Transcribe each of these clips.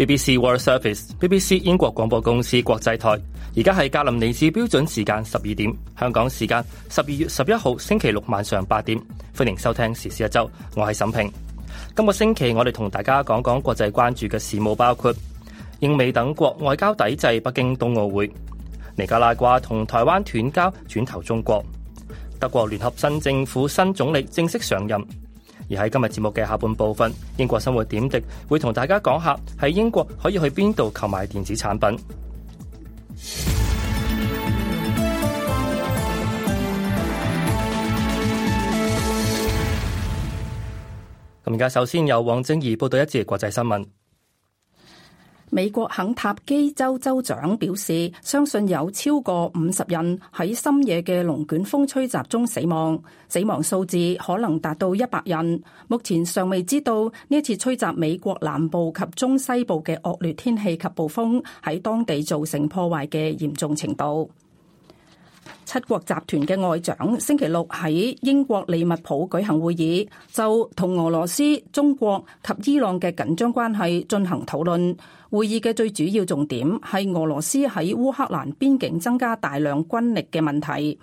BBC World Service，BBC 英國廣播公司國際台，而家係格林尼治標準時間十二點，香港時間十二月十一號星期六晚上八點，歡迎收聽時事一周，我係沈平。今個星期我哋同大家講講國際關注嘅事務，包括英美等國外交抵制北京冬奧會，尼加拉瓜同台灣斷交轉投中國，德國聯合新政府新總理正式上任。而喺今日節目嘅下半部分，英國生活點滴會同大家講下喺英國可以去邊度購買電子產品。咁而家首先由黃晶怡報道一節國際新聞。美國肯塔基州州長表示，相信有超過五十人喺深夜嘅龍捲風吹襲中死亡，死亡數字可能達到一百人。目前尚未知道呢次吹襲美國南部及中西部嘅惡劣天氣及暴風喺當地造成破壞嘅嚴重程度。七國集團嘅外長星期六喺英國利物浦舉行會議，就同俄羅斯、中國及伊朗嘅緊張關係進行討論。會議嘅最主要重點係俄羅斯喺烏克蘭邊境增加大量軍力嘅問題。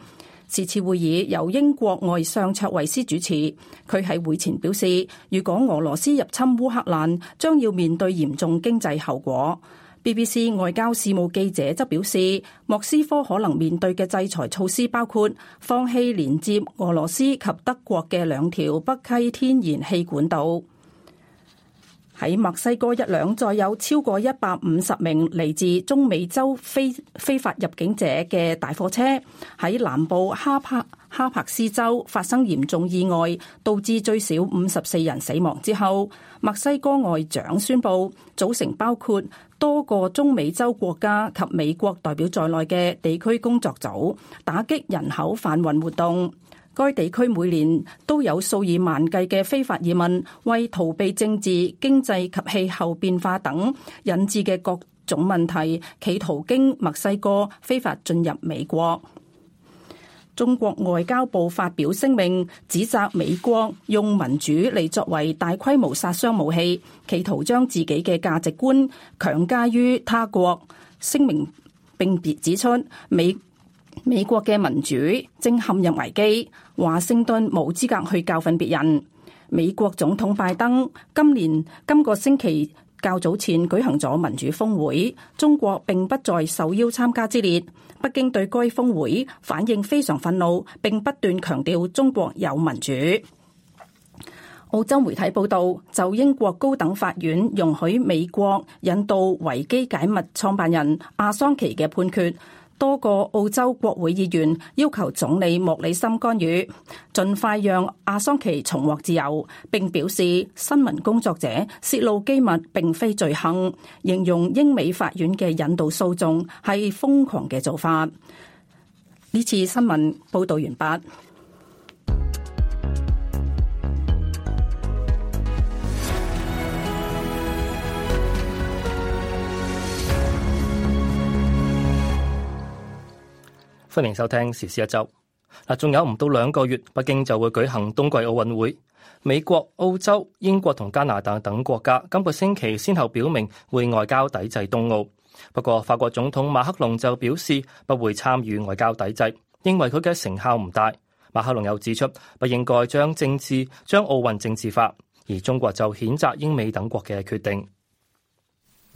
此次會議由英國外相卓維斯主持，佢喺會前表示，如果俄羅斯入侵烏克蘭，將要面對嚴重經濟後果。BBC 外交事務記者則表示，莫斯科可能面對嘅制裁措施包括放棄連接俄羅斯及德國嘅兩條北溪天然氣管道。喺墨西哥一輛載有超過一百五十名嚟自中美洲非非法入境者嘅大貨車，喺南部哈帕哈帕斯州發生嚴重意外，導致最少五十四人死亡之後，墨西哥外長宣布組成包括多個中美洲國家及美國代表在內嘅地區工作組，打擊人口販運活動。該地區每年都有數以萬計嘅非法移民，為逃避政治、經濟及氣候變化等引致嘅各種問題，企圖經墨西哥非法進入美國。中國外交部發表聲明，指責美國用民主嚟作為大規模殺傷武器，企圖將自己嘅價值觀強加於他國。聲明並別指出美美國嘅民主正陷入危機，華盛頓冇資格去教訓別人。美國總統拜登今年今個星期較早前舉行咗民主峰會，中國並不在受邀參加之列。北京對該峰會反應非常憤怒，並不斷強調中國有民主。澳洲媒體報道，就英國高等法院容許美國引渡維基解密創辦人阿桑奇嘅判決。多個澳洲國會議員要求總理莫里森干預，盡快讓阿桑奇重獲自由，並表示新聞工作者泄露機密並非罪行，形容英美法院嘅引渡訴訟係瘋狂嘅做法。呢次新聞報道完畢。歡迎收聽時事一周。嗱，仲有唔到兩個月，北京就會舉行冬季奧運會。美國、澳洲、英國同加拿大等國家今個星期先後表明會外交抵制冬奧，不過法國總統馬克龍就表示不會參與外交抵制，因為佢嘅成效唔大。馬克龍又指出不應該將政治，將奧運政治化，而中國就譴責英美等國嘅決定。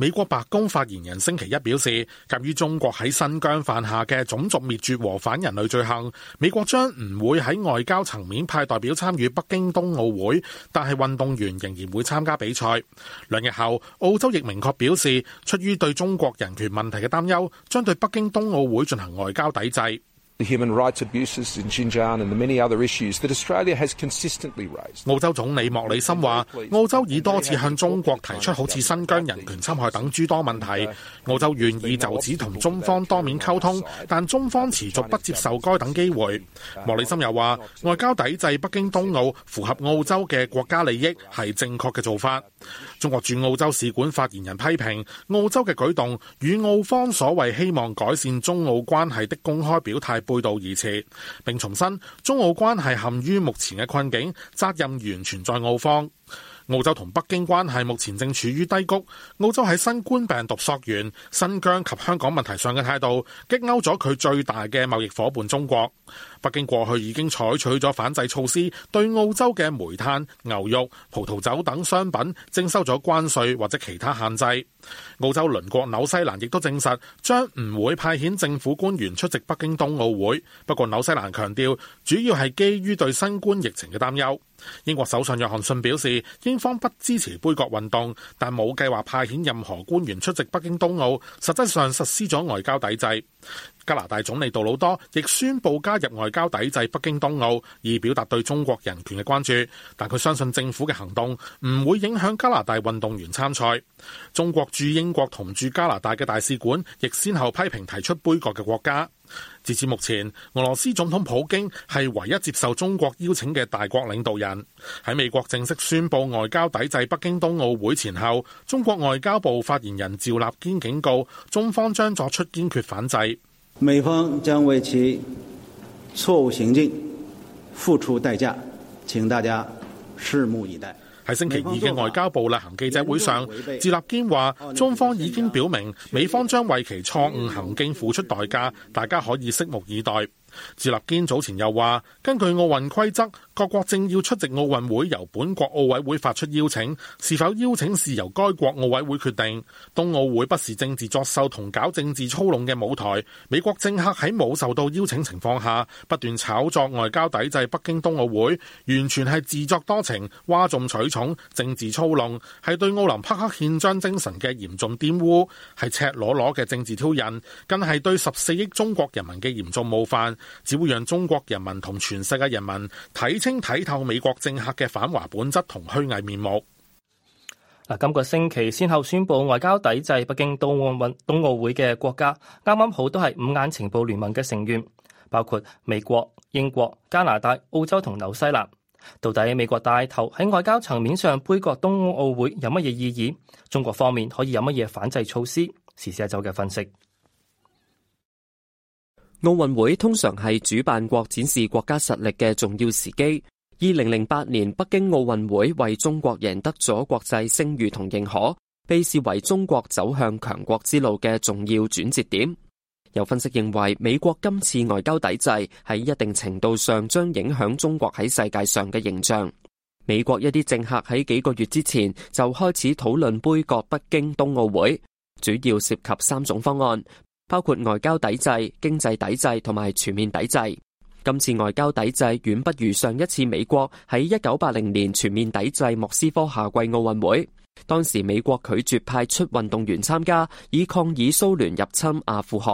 美國白宮發言人星期一表示，鑒於中國喺新疆犯下嘅種族滅絕和反人類罪行，美國將唔會喺外交層面派代表參與北京冬奧會，但係運動員仍然會參加比賽。兩日後，澳洲亦明確表示，出於對中國人權問題嘅擔憂，將對北京冬奧會進行外交抵制。澳洲總理莫里森話：澳洲已多次向中國提出好似新疆人權侵害等諸多問題，澳洲願意就此同中方當面溝通，但中方持續不接受該等機會。莫里森又話：外交抵制北京冬奧符合澳洲嘅國家利益，係正確嘅做法。中國駐澳洲使館發言人批評澳洲嘅舉動與澳方所謂希望改善中澳關係的公開表態背道而馳，並重申中澳關係陷於目前嘅困境，責任完全在澳方。澳洲同北京關係目前正處於低谷。澳洲喺新冠病毒溯源、新疆及香港問題上嘅態度，激嬲咗佢最大嘅貿易夥伴中國。北京過去已經採取咗反制措施，對澳洲嘅煤炭、牛肉、葡萄酒等商品徵收咗關稅或者其他限制。澳洲鄰國紐西蘭亦都證實將唔會派遣政府官員出席北京冬奧會。不過紐西蘭強調，主要係基於對新冠疫情嘅擔憂。英國首相約翰遜表示，英方不支持杯葛運動，但冇計劃派遣任何官員出席北京冬奧，實質上實施咗外交抵制。加拿大總理杜魯多亦宣布加入外交抵制北京冬奧，以表達對中國人權嘅關注。但佢相信政府嘅行動唔會影響加拿大運動員參賽。中國駐英國同駐加拿大嘅大使館亦先後批評提出杯葛嘅國家。截至目前，俄羅斯總統普京係唯一接受中國邀請嘅大國領導人。喺美國正式宣布外交抵制北京冬奧會前後，中國外交部發言人趙立堅警告，中方將作出堅決反制。美方將為其錯誤行徑付出代價，請大家拭目以待。喺星期二嘅外交部例行記者會上，趙立堅話：中方已經表明，美方將為其錯誤行徑付出代價，大家可以拭目以待。趙立堅早前又話，根據奧運規則，各國正要出席奧運會，由本國奧委會發出邀請，是否邀請是由該國奧委會決定。冬奧會不是政治作秀同搞政治操弄嘅舞台。美國政客喺冇受到邀請情況下，不斷炒作外交抵制北京冬奧會，完全係自作多情、嘩眾取寵、政治操弄，係對奧林匹克憲章精神嘅嚴重玷污，係赤裸裸嘅政治挑釁，更係對十四億中國人民嘅嚴重冒犯。只會讓中國人民同全世界人民睇清睇透美國政客嘅反華本質同虛偽面目。嗱，今個星期先後宣布外交抵制北京冬奧運會嘅國家，啱啱好都係五眼情報聯盟嘅成員，包括美國、英國、加拿大、澳洲同紐西蘭。到底美國帶頭喺外交層面上杯葛冬奧運會有乜嘢意義？中國方面可以有乜嘢反制措施？時事一周嘅分析。奧運會通常係主辦國展示國家實力嘅重要時機。二零零八年北京奧運會為中國贏得咗國際聲譽同認可，被視為中國走向強國之路嘅重要轉折點。有分析認為，美國今次外交抵制喺一定程度上將影響中國喺世界上嘅形象。美國一啲政客喺幾個月之前就開始討論杯葛北京冬奧會，主要涉及三種方案。包括外交抵制、經濟抵制同埋全面抵制。今次外交抵制遠不如上一次美國喺一九八零年全面抵制莫斯科夏季奧運會。當時美國拒絕派出運動員參加，以抗議蘇聯入侵阿富汗。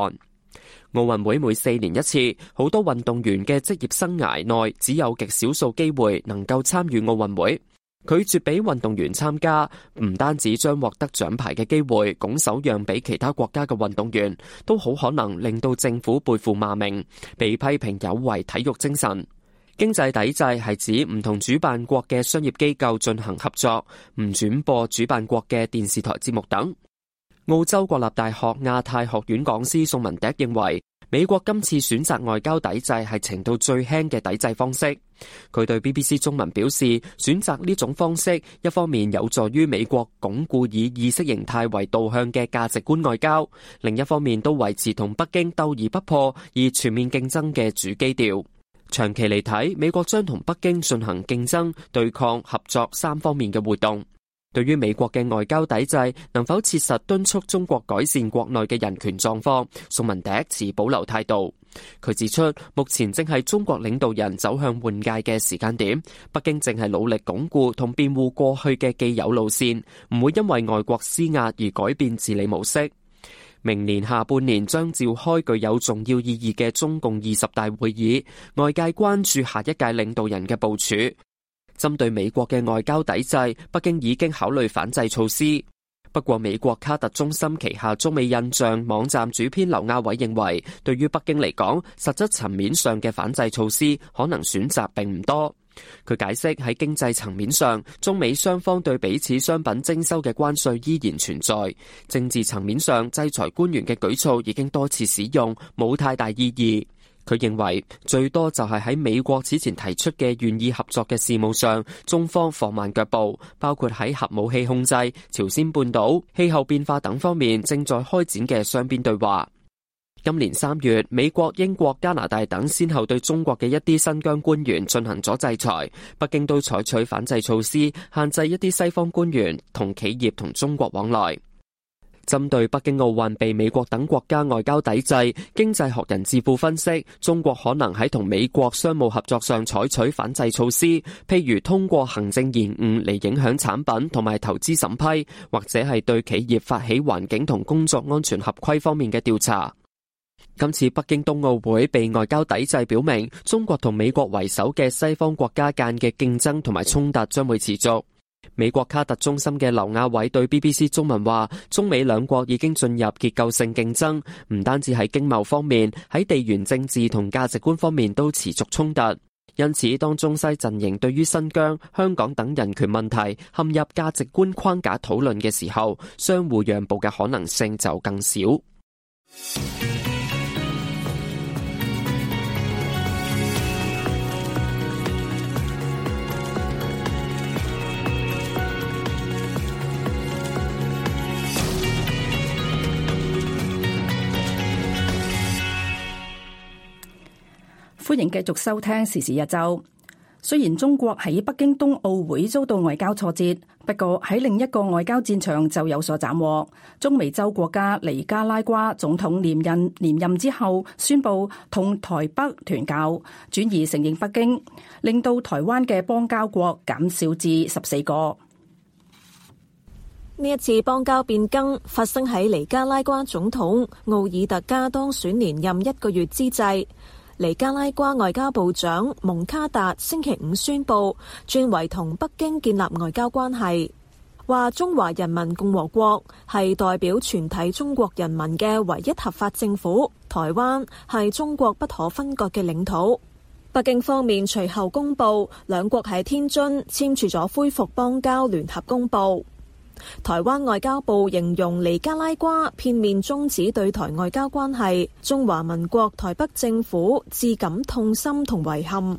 奧運會每四年一次，好多運動員嘅職業生涯內只有極少數機會能夠參與奧運會。拒絕俾運動員參加，唔單止將獲得獎牌嘅機會拱手讓俾其他國家嘅運動員，都好可能令到政府背負罵名，被批評有違體育精神。經濟抵制係指唔同主辦國嘅商業機構進行合作，唔轉播主辦國嘅電視台節目等。澳洲國立大學亞太學院講師宋文笛認為，美國今次選擇外交抵制係程度最輕嘅抵制方式。佢對 BBC 中文表示，選擇呢種方式，一方面有助於美國鞏固以意識形態為導向嘅價值觀外交，另一方面都維持同北京鬥而不破以全面競爭嘅主基調。長期嚟睇，美國將同北京進行競爭、對抗、合作三方面嘅活動。對於美國嘅外交抵制，能否切實敦促中國改善國內嘅人權狀況，宋文迪持保留態度。佢指出，目前正係中國領導人走向換屆嘅時間點，北京正係努力鞏固同辯護過去嘅既有路線，唔會因為外國施壓而改變治理模式。明年下半年將召開具有重要意義嘅中共二十大會議，外界關注下一屆領導人嘅部署。針對美國嘅外交抵制，北京已經考慮反制措施。不過，美國卡特中心旗下中美印象網站主編劉亞偉認為，對於北京嚟講，實質層面上嘅反制措施可能選擇並唔多。佢解釋，喺經濟層面上，中美雙方對彼此商品徵收嘅關稅依然存在；政治層面上，制裁官員嘅舉措已經多次使用，冇太大意義。佢認為，最多就係喺美國此前提出嘅願意合作嘅事務上，中方放慢腳步，包括喺核武器控制、朝鮮半島、氣候變化等方面正在開展嘅雙邊對話。今年三月，美國、英國、加拿大等先後對中國嘅一啲新疆官員進行咗制裁，北京都採取反制措施，限制一啲西方官員同企業同中國往來。針對北京奧運被美國等國家外交抵制，經濟學人智庫分析，中國可能喺同美國商務合作上採取反制措施，譬如通過行政延誤嚟影響產品同埋投資審批，或者係對企業發起環境同工作安全合規方面嘅調查。今次北京冬奧會被外交抵制，表明中國同美國為首嘅西方國家間嘅競爭同埋衝突將會持續。美國卡特中心嘅劉亞偉對 BBC 中文話：中美兩國已經進入結構性競爭，唔單止喺經貿方面，喺地緣政治同價值觀方面都持續衝突。因此，當中西陣營對於新疆、香港等人權問題，陷入價值觀框架討論嘅時候，相互讓步嘅可能性就更少。歡迎繼續收聽時事一周。雖然中國喺北京冬奧會遭到外交挫折，不過喺另一個外交戰場就有所斬獲。中美洲國家尼加拉瓜總統連任連任之後，宣布同台北斷交，轉而承認北京，令到台灣嘅邦交國減少至十四個。呢一次邦交變更發生喺尼加拉瓜總統奧爾特加當選連任一個月之際。尼加拉瓜外交部長蒙卡達星期五宣布，轉為同北京建立外交關係，話中華人民共和國係代表全體中國人民嘅唯一合法政府，台灣係中國不可分割嘅領土。北京方面隨後公布，兩國喺天津簽署咗恢復邦交聯合公報。台灣外交部形容尼加拉瓜片面終止對台外交關係，中華民國台北政府至感痛心同遺憾。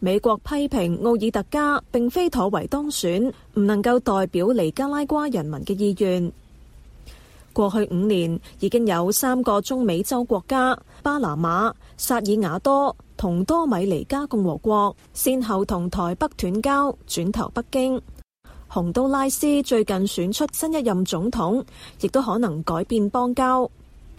美國批評奧爾特加並非妥為當選，唔能夠代表尼加拉瓜人民嘅意願。過去五年已經有三個中美洲國家，巴拿馬、薩爾瓦多同多米尼加共和國先後同台北斷交，轉投北京。洪都拉斯最近選出新一任總統，亦都可能改變邦交。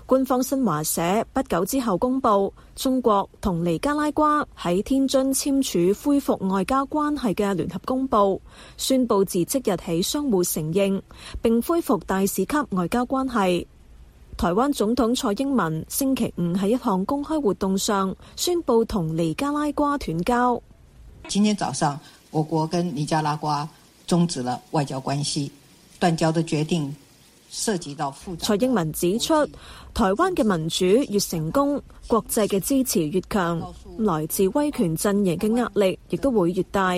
官方新華社不久之後公布，中國同尼加拉瓜喺天津簽署恢復外交關係嘅聯合公報，宣布自即日起相互承認並恢復大使級外交關係。台灣總統蔡英文星期五喺一項公開活動上宣布同尼加拉瓜斷交。今天早上，我國跟尼加拉瓜。終止了外交關係，斷交的決定涉及到複雜。蔡英文指出，台灣嘅民主越成功，國際嘅支持越強，來自威權陣營嘅壓力亦都會越大。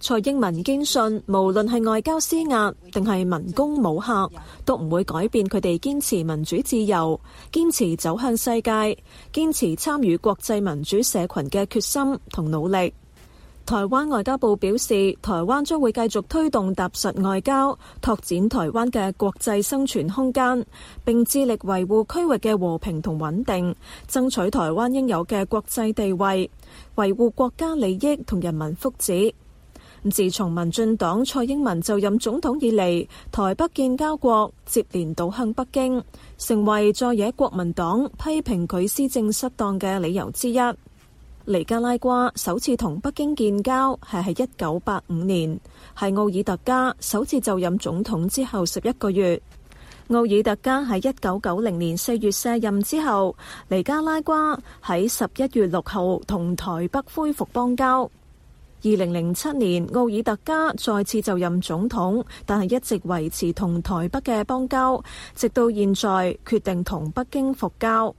蔡英文堅信，無論係外交施壓定係民工武嚇，都唔會改變佢哋堅持民主自由、堅持走向世界、堅持參與國際民主社群嘅決心同努力。台灣外交部表示，台灣將會繼續推動踏實外交，拓展台灣嘅國際生存空間，並致力維護區域嘅和平同穩定，爭取台灣應有嘅國際地位，維護國家利益同人民福祉。自從民進黨蔡英文就任總統以嚟，台北建交國接連倒向北京，成為在野國民黨批評佢施政失當嘅理由之一。尼加拉瓜首次同北京建交，係喺一九八五年，係奧爾特加首次就任總統之後十一個月。奧爾特加喺一九九零年四月卸任之後，尼加拉瓜喺十一月六號同台北恢復邦交。二零零七年奧爾特加再次就任總統，但係一直維持同台北嘅邦交，直到現在決定同北京復交。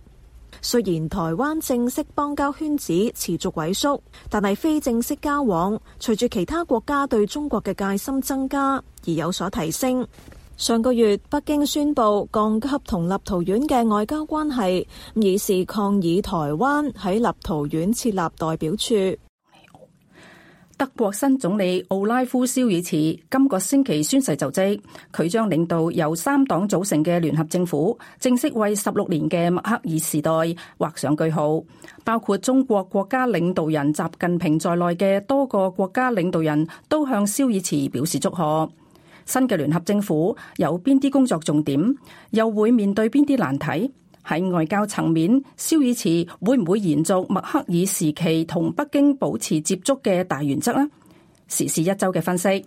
雖然台灣正式邦交圈子持續萎縮，但係非正式交往隨住其他國家對中國嘅戒心增加而有所提升。上個月北京宣布降級同立陶宛嘅外交關係，以示抗議台灣喺立陶宛設立代表處。德國新總理奧拉夫·肖爾茨今個星期宣誓就職，佢將領導由三黨組成嘅聯合政府，正式為十六年嘅默克爾時代畫上句號。包括中國國家領導人習近平在內嘅多個國家領導人都向肖爾茨表示祝賀。新嘅聯合政府有邊啲工作重點，又會面對邊啲難題？喺外交層面，肖爾茨會唔會延續默克爾時期同北京保持接觸嘅大原則呢？時事一周嘅分析：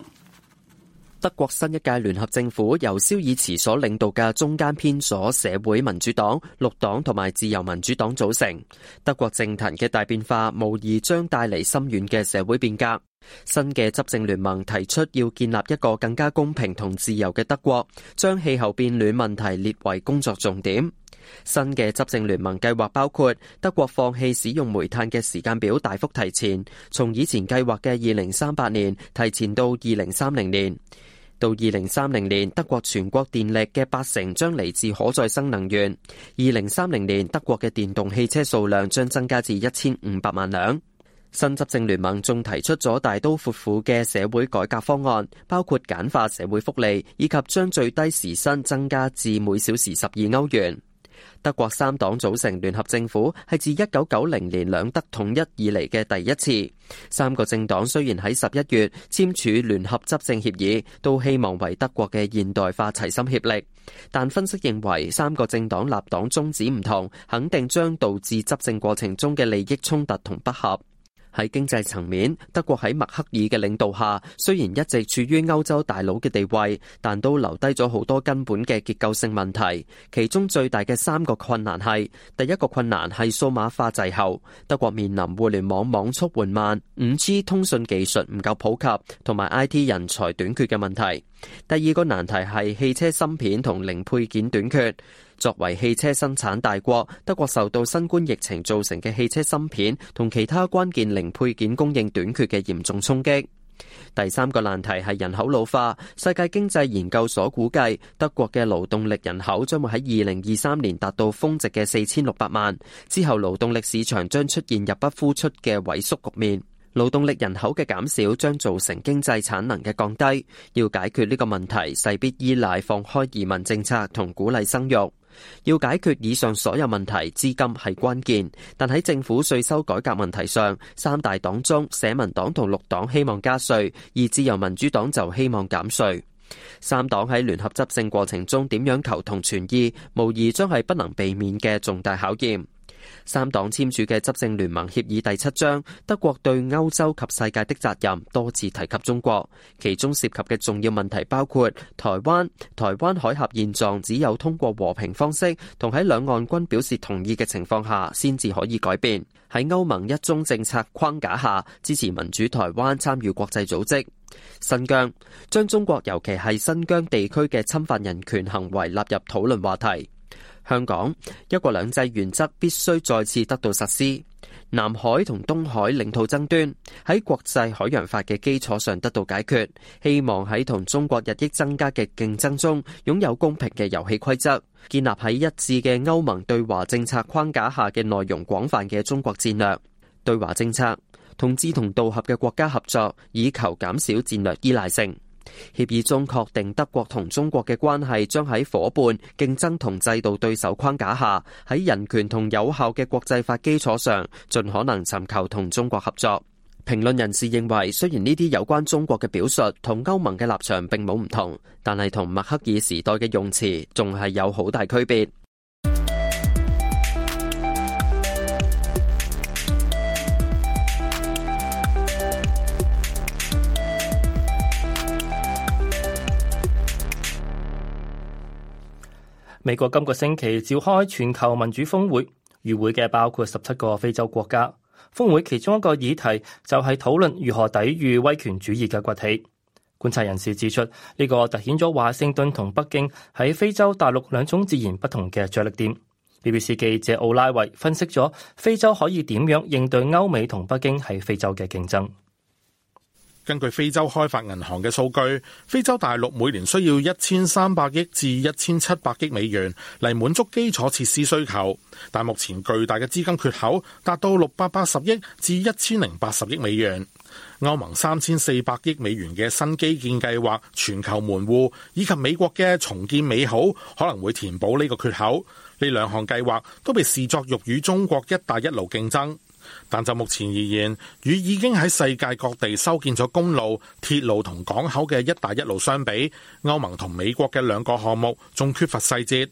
德國新一屆聯合政府由肖爾茨所領導嘅中間偏左社會民主黨、綠黨同埋自由民主黨組成。德國政壇嘅大變化無疑將帶嚟深遠嘅社會變革。新嘅執政聯盟提出要建立一個更加公平同自由嘅德國，將氣候變暖問題列為工作重點。新嘅執政聯盟計劃包括德國放棄使用煤炭嘅時間表大幅提前，從以前計劃嘅二零三八年提前到二零三零年。到二零三零年，德國全國電力嘅八成將嚟自可再生能源。二零三零年，德國嘅電動汽車數量將增加至一千五百萬輛。新執政聯盟仲提出咗大刀闊斧嘅社會改革方案，包括簡化社會福利，以及將最低時薪增加至每小時十二歐元。德國三黨組成聯合政府係自一九九零年兩德統一以嚟嘅第一次。三個政黨雖然喺十一月簽署聯合執政協議，都希望為德國嘅現代化齊心協力，但分析認為三個政黨立黨宗旨唔同，肯定將導致執政過程中嘅利益衝突同不合。喺經濟層面，德國喺默克爾嘅領導下，雖然一直處於歐洲大佬嘅地位，但都留低咗好多根本嘅結構性問題。其中最大嘅三個困難係：第一個困難係數碼化滯後，德國面臨互聯網網速緩慢、5G 通訊技術唔夠普及，同埋 IT 人才短缺嘅問題；第二個難題係汽車芯片同零配件短缺。作為汽車生產大國，德國受到新冠疫情造成嘅汽車芯片同其他關鍵零配件供應短缺嘅嚴重衝擊。第三個難題係人口老化。世界經濟研究所估計，德國嘅勞動力人口將會喺二零二三年達到峰值嘅四千六百萬之後，勞動力市場將出現入不敷出嘅萎縮局面。勞動力人口嘅減少將造成經濟產能嘅降低。要解決呢個問題，勢必依賴放開移民政策同鼓勵生育。要解決以上所有問題，資金係關鍵。但喺政府稅收改革問題上，三大黨中社民黨同綠黨希望加稅，而自由民主黨就希望減稅。三黨喺聯合執政過程中，點樣求同存異，無疑將係不能避免嘅重大考驗。三黨簽署嘅執政聯盟協議第七章，德國對歐洲及世界的責任，多次提及中國，其中涉及嘅重要問題包括台灣、台灣海峽現狀，只有通過和平方式，同喺兩岸均表示同意嘅情況下，先至可以改變。喺歐盟一中政策框架下，支持民主台灣參與國際組織。新疆將中國尤其係新疆地區嘅侵犯人權行為納入討論話題。香港一國兩制原則必須再次得到實施，南海同東海領土爭端喺國際海洋法嘅基礎上得到解決，希望喺同中國日益增加嘅競爭中擁有公平嘅遊戲規則，建立喺一致嘅歐盟對華政策框架下嘅內容廣泛嘅中國戰略對華政策，同志同道合嘅國家合作，以求減少戰略依賴性。協議中確定德國同中國嘅關係將喺伙伴、競爭同制度對手框架下，喺人權同有效嘅國際法基礎上，盡可能尋求同中國合作。評論人士認為，雖然呢啲有關中國嘅表述同歐盟嘅立場並冇唔同，但係同默克爾時代嘅用詞仲係有好大區別。美國今個星期召開全球民主峰會，與會嘅包括十七個非洲國家。峰會其中一個議題就係討論如何抵禦威權主義嘅崛起。觀察人士指出，呢個凸顯咗華盛頓同北京喺非洲大陸兩種截然不同嘅着力點。BBC 記者奧拉維分析咗非洲可以點樣應對歐美同北京喺非洲嘅競爭。根據非洲開發銀行嘅數據，非洲大陸每年需要一千三百億至一千七百億美元嚟滿足基礎設施需求，但目前巨大嘅資金缺口達到六百八十億至一千零八十億美元。歐盟三千四百億美元嘅新基建計劃、全球門戶以及美國嘅重建美好可能會填補呢個缺口。呢兩項計劃都被視作欲與中國“一帶一路”競爭。但就目前而言，與已經喺世界各地修建咗公路、鐵路同港口嘅“一帶一路”相比，歐盟同美國嘅兩個項目仲缺乏細節。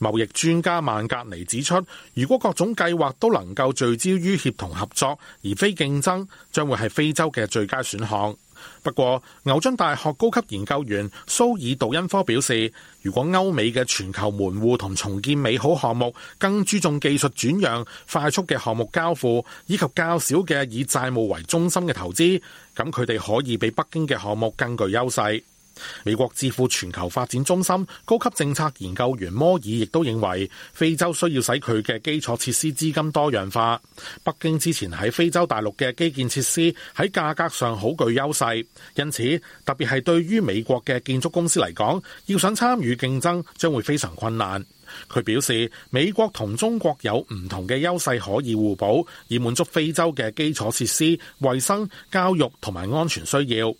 貿易專家萬格尼指出，如果各種計劃都能夠聚焦於協同合作而非競爭，將會係非洲嘅最佳選項。不過，牛津大學高級研究員蘇爾杜恩科表示，如果歐美嘅全球門戶同重建美好項目更注重技術轉讓、快速嘅項目交付以及較少嘅以債務為中心嘅投資，咁佢哋可以比北京嘅項目更具優勢。美國智庫全球發展中心高級政策研究員摩爾亦都認為，非洲需要使佢嘅基礎設施資金多樣化。北京之前喺非洲大陸嘅基建設施喺價格上好具優勢，因此特別係對於美國嘅建築公司嚟講，要想參與競爭將會非常困難。佢表示，美國同中國有唔同嘅優勢可以互補，以滿足非洲嘅基礎設施、衛生、教育同埋安全需要。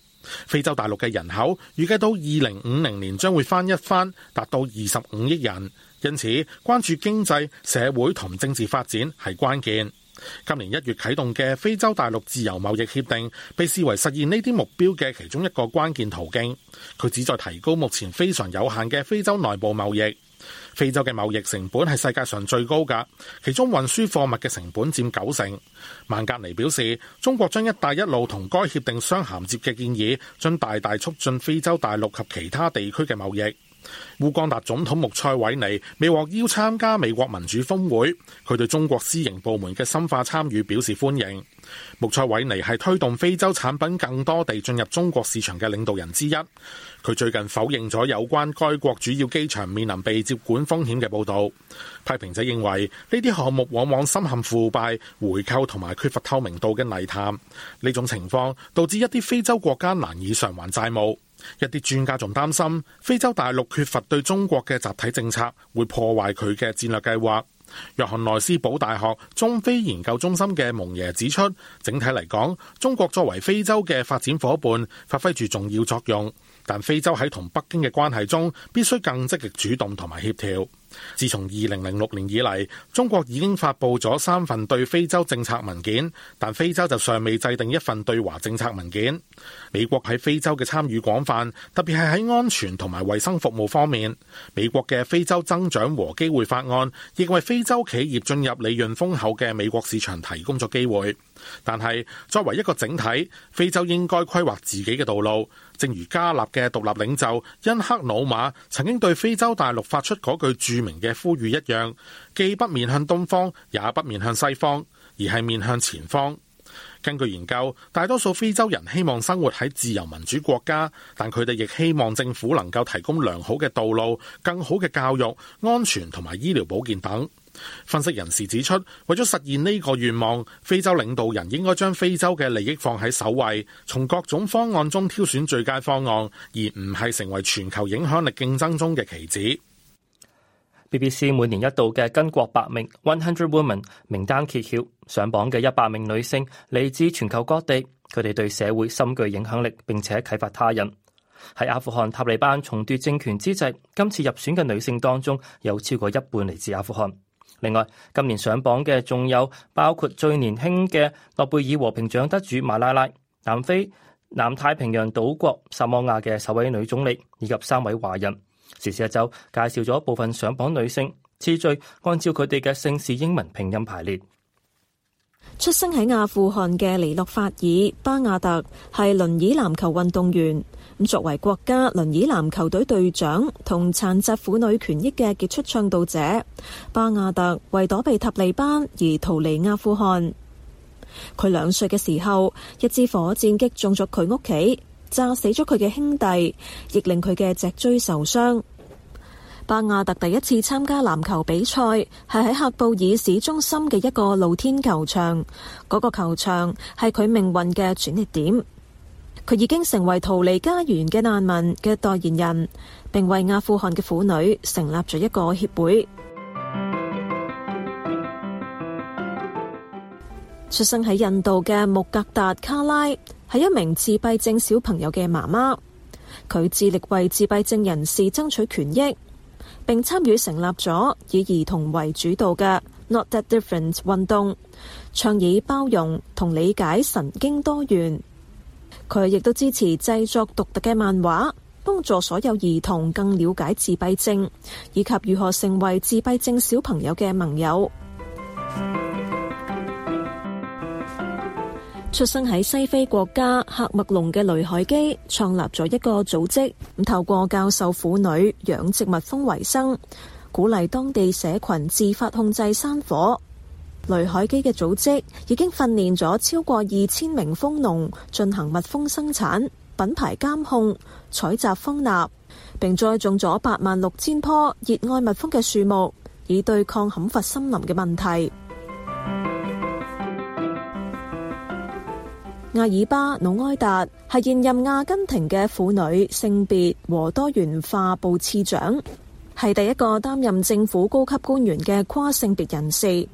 非洲大陸嘅人口預計到二零五零年將會翻一番，達到二十五億人。因此，關注經濟、社會同政治發展係關鍵。今年一月啟動嘅非洲大陸自由貿易協定，被視為實現呢啲目標嘅其中一個關鍵途徑。佢旨在提高目前非常有限嘅非洲內部貿易。非洲嘅貿易成本係世界上最高嘅，其中運輸貨物嘅成本佔九成。萬格尼表示，中國將一帶一路同該協定相銜接嘅建議，將大大促進非洲大陸及其他地區嘅貿易。烏干達總統穆塞韋尼未獲邀參加美國民主峰會，佢對中國私營部門嘅深化參與表示歡迎。穆塞韋尼係推動非洲產品更多地進入中國市場嘅領導人之一。佢最近否認咗有關該國主要機場面臨被接管風險嘅報道。批評者認為呢啲項目往往深陷腐敗、回扣同埋缺乏透明度嘅泥潭，呢種情況導致一啲非洲國家難以償還債務。一啲專家仲擔心非洲大陸缺乏對中國嘅集體政策，會破壞佢嘅戰略計劃。約翰內斯堡大學中非研究中心嘅蒙耶指出，整體嚟講，中國作為非洲嘅發展夥伴，發揮住重要作用，但非洲喺同北京嘅關係中，必須更積極主動同埋協調。自從二零零六年以來，中國已經發佈咗三份對非洲政策文件，但非洲就尚未制定一份對華政策文件。美國喺非洲嘅參與廣泛，特別係喺安全同埋衛生服務方面。美國嘅非洲增長和機會法案，亦為非洲企業進入利潤豐厚嘅美國市場提供咗機會。但係作為一個整體，非洲應該規劃自己嘅道路，正如加納嘅獨立領袖恩克魯瑪曾經對非洲大陸發出嗰句著名嘅呼籲一樣，既不面向東方，也不面向西方，而係面向前方。根據研究，大多數非洲人希望生活喺自由民主國家，但佢哋亦希望政府能夠提供良好嘅道路、更好嘅教育、安全同埋醫療保健等。分析人士指出，為咗實現呢個願望，非洲領導人應該將非洲嘅利益放喺首位，從各種方案中挑選最佳方案，而唔係成為全球影響力競爭中嘅棋子。BBC 每年一度嘅巾幗百名 （One Hundred Women） 名單揭曉，上榜嘅一百名女性嚟自全球各地，佢哋對社會深具影響力，並且啟發他人。喺阿富汗塔利班重奪政權之際，今次入選嘅女性當中有超過一半嚟自阿富汗。另外，今年上榜嘅仲有包括最年輕嘅諾貝爾和平獎得主馬拉拉、南非南太平洋島國薩摩亞嘅首位女總理，以及三位華人。時事一周介紹咗部分上榜女性，次序按照佢哋嘅姓氏英文拼音排列。出生喺阿富汗嘅尼洛法爾巴亞特係輪椅籃球運動員。咁作為國家輪椅籃球隊隊長同殘疾婦女權益嘅傑出倡導者，巴亞特為躲避塔利班而逃離阿富汗。佢兩歲嘅時候，一支火箭擊中咗佢屋企，炸死咗佢嘅兄弟，亦令佢嘅脊椎受傷。巴亞特第一次參加籃球比賽係喺喀布爾市中心嘅一個露天球場，嗰、那個球場係佢命運嘅轉折點。佢已經成為逃離家園嘅難民嘅代言人，並為阿富汗嘅婦女成立咗一個協會。 出生喺印度嘅穆格達卡拉係一名自閉症小朋友嘅媽媽，佢致力為自閉症人士爭取權益，並參與成立咗以兒童為主導嘅 Not that Different 運動，倡議包容同理解神經多元。佢亦都支持製作獨特嘅漫畫，幫助所有兒童更了解自閉症，以及如何成為自閉症小朋友嘅盟友。 出生喺西非國家喀麥隆嘅雷海基，創立咗一個組織，透過教授婦女養殖蜜蜂為生，鼓勵當地社群自發控制山火。雷海基嘅組織已經訓練咗超過二千名蜂農進行蜜蜂，蜂生產、品牌監控、採集蜂蠟，並栽種咗八萬六千棵熱愛蜜蜂嘅樹木，以對抗砍伐森林嘅問題。阿爾巴努埃達係現任阿根廷嘅婦女性別和多元化部次長，係第一個擔任政府高級官員嘅跨性別人士。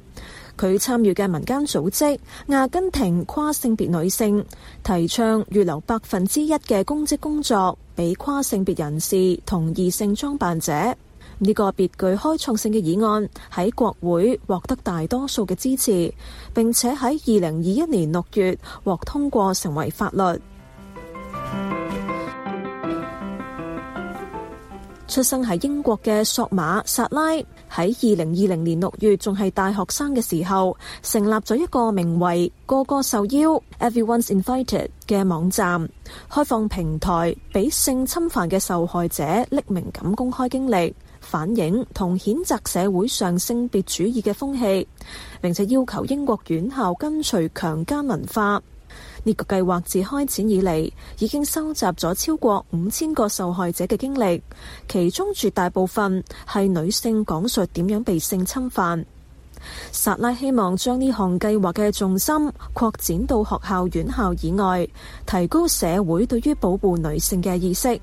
佢參與嘅民間組織阿根廷跨性別女性提倡預留百分之一嘅公職工作俾跨性別人士同異性裝扮者，呢個別具開創性嘅議案喺國會獲得大多數嘅支持，並且喺二零二一年六月獲通過成為法律。 出生喺英國嘅索馬薩拉。喺二零二零年六月，仲係大學生嘅時候，成立咗一個名為個個受邀 （Everyone's Invited） 嘅網站，開放平台俾性侵犯嘅受害者匿名咁公開經歷，反映同譴責社會上性別主義嘅風氣，並且要求英國院校跟隨強姦文化。呢個計劃自開展以嚟，已經收集咗超過五千個受害者嘅經歷，其中絕大部分係女性講述點樣被性侵犯。薩拉希望將呢項計劃嘅重心擴展到學校院校以外，提高社會對於保護女性嘅意識。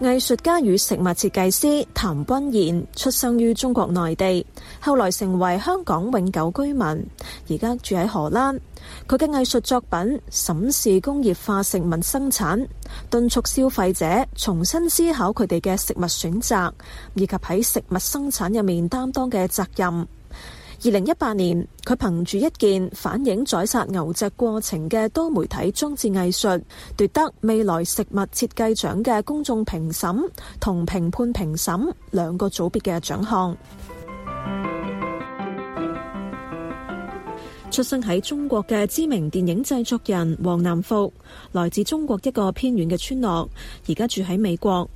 藝術家與食物設計師譚君賢，出生於中國內地，後來成為香港永久居民，而家住喺荷蘭。佢嘅藝術作品審視工業化食物生產，敦促消費者重新思考佢哋嘅食物選擇，以及喺食物生產入面擔當嘅責任。二零一八年，佢憑住一件反映宰殺牛隻過程嘅多媒體裝置藝術，奪得未來食物設計獎嘅公眾評審同評判評審兩個組別嘅獎項。 出生喺中國嘅知名電影製作人王南富，來自中國一個偏遠嘅村落，而家住喺美國。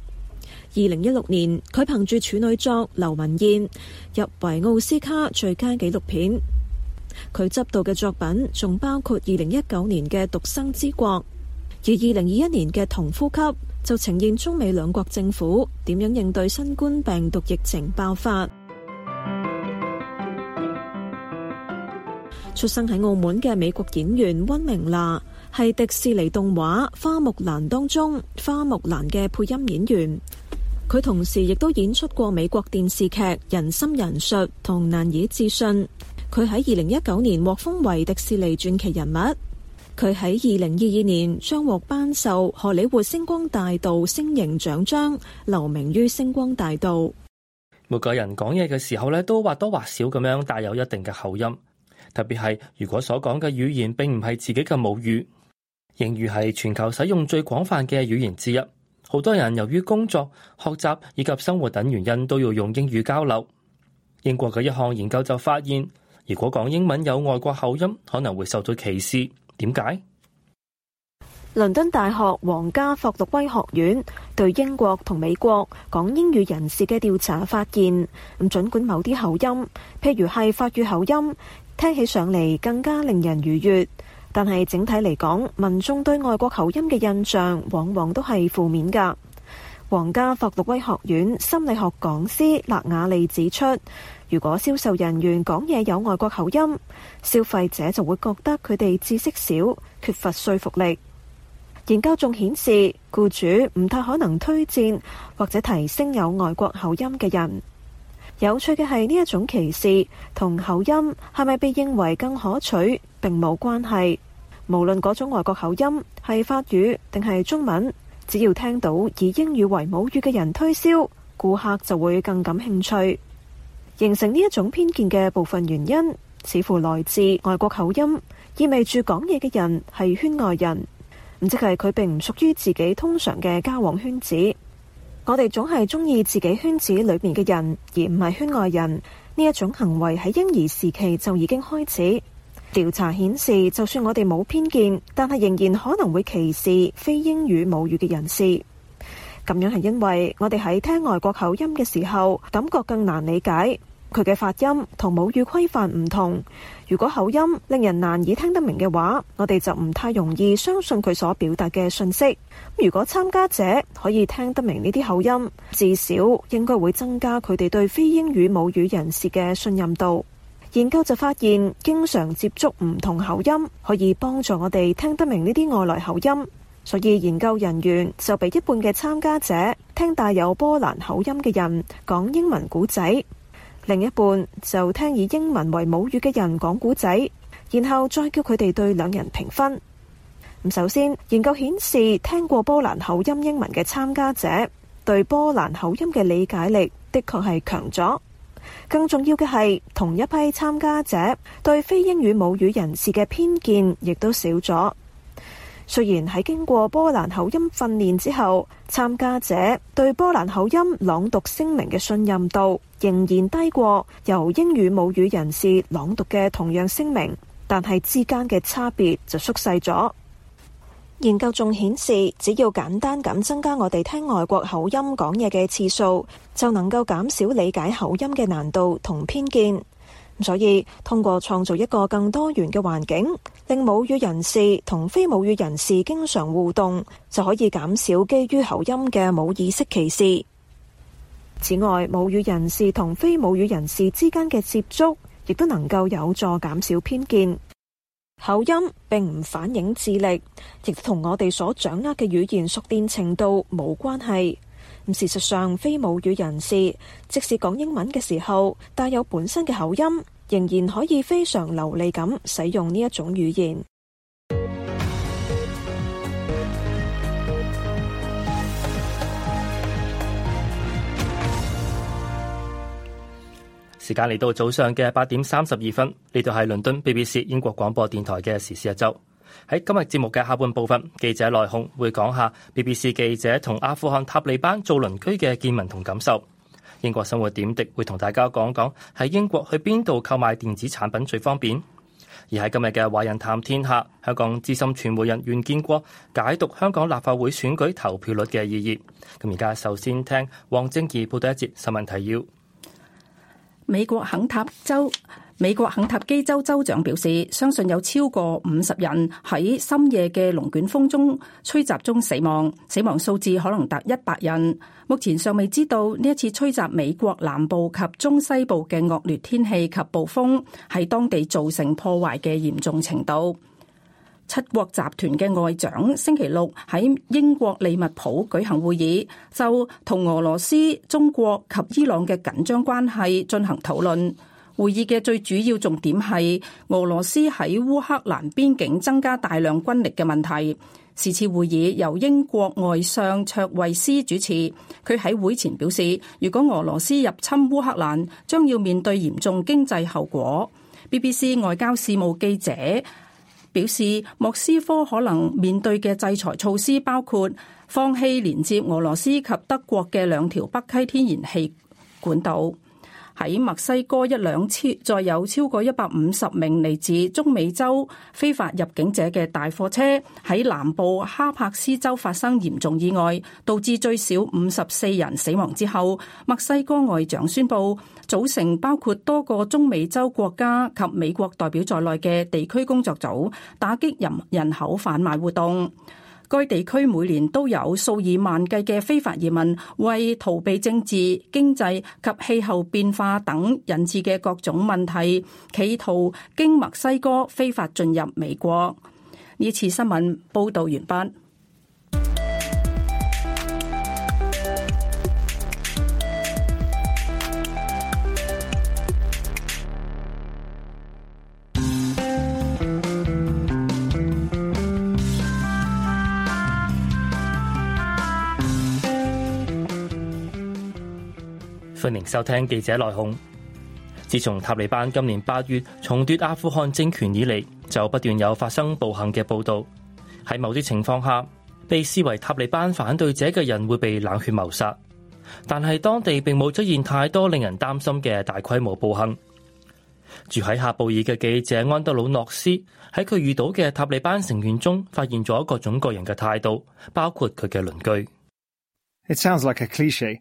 二零一六年，佢憑住處女作《流氓燕》入圍奧斯卡最佳紀錄片。佢執導嘅作品仲包括二零一九年嘅《獨生之國》，而二零二一年嘅《同呼吸》就呈現中美兩國政府點樣應對新冠病毒疫情爆發。 出生喺澳門嘅美國演員温明娜係迪士尼動畫《花木蘭》當中花木蘭嘅配音演員。佢同時亦都演出過美國電視劇《人心人術》同《難以置信》。佢喺二零一九年獲封為迪士尼傳奇人物。佢喺二零二二年將獲頒授荷里活星光大道星形獎章，留名於星光大道。每個人講嘢嘅時候咧，都或多或少咁樣帶有一定嘅口音，特別係如果所講嘅語言並唔係自己嘅母語，英語係全球使用最廣泛嘅語言之一。好多人由於工作、學習以及生活等原因，都要用英語交流。英國嘅一項研究就發現，如果講英文有外國口音，可能會受到歧視。點解？倫敦大學皇家霍洛威學院對英國同美國講英語人士嘅調查發現，咁儘管某啲口音，譬如係法語口音，聽起上嚟更加令人愉悅。但係整體嚟講，民眾對外國口音嘅印象往往都係負面㗎。皇家霍洛威學院心理學講師納雅利指出，如果銷售人員講嘢有外國口音，消費者就會覺得佢哋知識少，缺乏說服力。研究仲顯示，僱主唔太可能推薦或者提升有外國口音嘅人。有趣嘅係呢一種歧視同口音係咪被認為更可取，並冇關係。無論嗰種外國口音係法語定係中文，只要聽到以英語為母語嘅人推銷，顧客就會更感興趣。形成呢一種偏見嘅部分原因，似乎來自外國口音，意味住講嘢嘅人係圈外人，唔即係佢並唔屬於自己通常嘅交往圈子。我哋總係中意自己圈子裏面嘅人，而唔係圈外人。呢一種行為喺嬰兒時期就已經開始。調查顯示，就算我哋冇偏見，但係仍然可能會歧視非英語母語嘅人士。咁樣係因為我哋喺聽外國口音嘅時候，感覺更難理解。佢嘅發音同母語規範唔同，如果口音令人難以聽得明嘅話，我哋就唔太容易相信佢所表達嘅訊息。如果參加者可以聽得明呢啲口音，至少應該會增加佢哋對非英語母語人士嘅信任度。研究就發現，經常接觸唔同口音可以幫助我哋聽得明呢啲外來口音，所以研究人員就俾一半嘅參加者聽帶有波蘭口音嘅人講英文古仔。另一半就聽以英文為母語嘅人講古仔，然後再叫佢哋對兩人評分。首先，研究顯示聽過波蘭口音英文嘅參加者，對波蘭口音嘅理解力的確係強咗。更重要嘅係，同一批參加者對非英語母語人士嘅偏見亦都少咗。雖然喺經過波蘭口音訓練之後，參加者對波蘭口音朗讀聲明嘅信任度仍然低過由英語母語人士朗讀嘅同樣聲明，但係之間嘅差別就縮細咗。研究仲顯示，只要簡單咁增加我哋聽外國口音講嘢嘅次數，就能夠減少理解口音嘅難度同偏見。所以，通過創造一個更多元嘅環境，令母語人士同非母語人士經常互動，就可以減少基於口音嘅無意識歧視。此外，母語人士同非母語人士之間嘅接觸，亦都能夠有助減少偏見。口音並唔反映智力，亦同我哋所掌握嘅語言熟練程度冇關係。咁事實上，非母語人士即使講英文嘅時候，帶有本身嘅口音，仍然可以非常流利咁使用呢一種語言。時間嚟到早上嘅八點三十二分，呢度係倫敦 BBC 英國廣播電台嘅時事一周。喺今日節目嘅下半部分，記者來鴻會講下 BBC 記者同阿富汗塔利班做鄰居嘅見聞同感受。英國生活點滴會同大家講講喺英國去邊度購買電子產品最方便。而喺今日嘅華人談天下，香港資深傳媒人袁建國解讀香港立法會選舉投票率嘅意義。咁而家首先聽王晶怡報道一節新聞提要。美國肯塔州。美國肯塔基州州長表示，相信有超過五十人喺深夜嘅龍捲風中吹襲中死亡，死亡數字可能達一百人。目前尚未知道呢一次吹襲美國南部及中西部嘅惡劣天氣及暴風，喺當地造成破壞嘅嚴重程度。七國集團嘅外長星期六喺英國利物浦舉行會議，就同俄羅斯、中國及伊朗嘅緊張關係進行討論。會議嘅最主要重點係俄羅斯喺烏克蘭邊境增加大量軍力嘅問題。是次會議由英國外相卓慧斯主持，佢喺會前表示，如果俄羅斯入侵烏克蘭，將要面對嚴重經濟後果。BBC 外交事務記者表示，莫斯科可能面對嘅制裁措施包括放棄連接俄羅斯及德國嘅兩條北溪天然氣管道。喺墨西哥，一輛載有超過一百五十名嚟自中美洲非法入境者嘅大貨車喺南部哈帕斯州發生嚴重意外，導致最少五十四人死亡之後，墨西哥外長宣布組成包括多個中美洲國家及美國代表在內嘅地區工作組，打擊人人口販賣活動。該地區每年都有數以萬計嘅非法移民，為逃避政治、經濟及氣候變化等引致嘅各種問題，企圖經墨西哥非法進入美國。呢次新聞報導完畢。歡迎收聽記者來鴻。自從塔利班今年八月重奪阿富汗政權以嚟，就不斷有發生暴行嘅報道。喺某啲情況下，被視為塔利班反對者嘅人會被冷血謀殺。但係當地並冇出現太多令人擔心嘅大規模暴行。住喺夏布爾嘅記者安德魯諾斯喺佢遇到嘅塔利班成員中發現咗各種各樣嘅態度，包括佢嘅鄰居。It sounds like a cliche.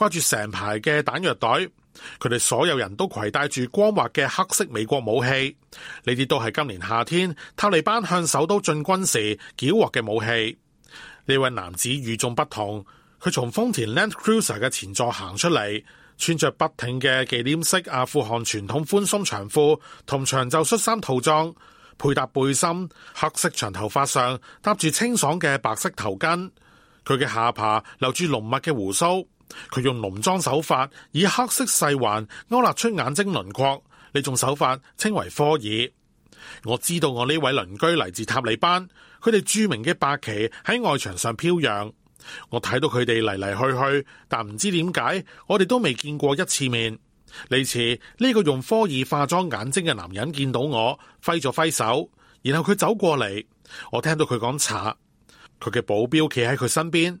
掛住成排嘅彈藥袋，佢哋所有人都攜帶住光滑嘅黑色美國武器。呢啲都係今年夏天塔利班向首都進軍時繳獲嘅武器。呢位男子與眾不同，佢從豐田 Land Cruiser 嘅前座行出嚟，穿着不挺嘅忌廉式阿富汗傳統寬鬆長褲同長袖恤衫套裝，配搭背心，黑色長頭髮上搭住清爽嘅白色頭巾，佢嘅下巴留住濃密嘅鬍鬚。佢用濃妝手法，以黑色細環勾勒出眼睛輪廓。呢種手法稱為科爾。我知道我呢位鄰居嚟自塔利班，佢哋著名嘅白旗喺外牆上飄揚。我睇到佢哋嚟嚟去去，但唔知點解，我哋都未見過一次面。嚟次呢個用科爾化妝眼睛嘅男人見到我，揮咗揮手，然後佢走過嚟。我聽到佢講「查」，佢嘅保鏢企喺佢身邊。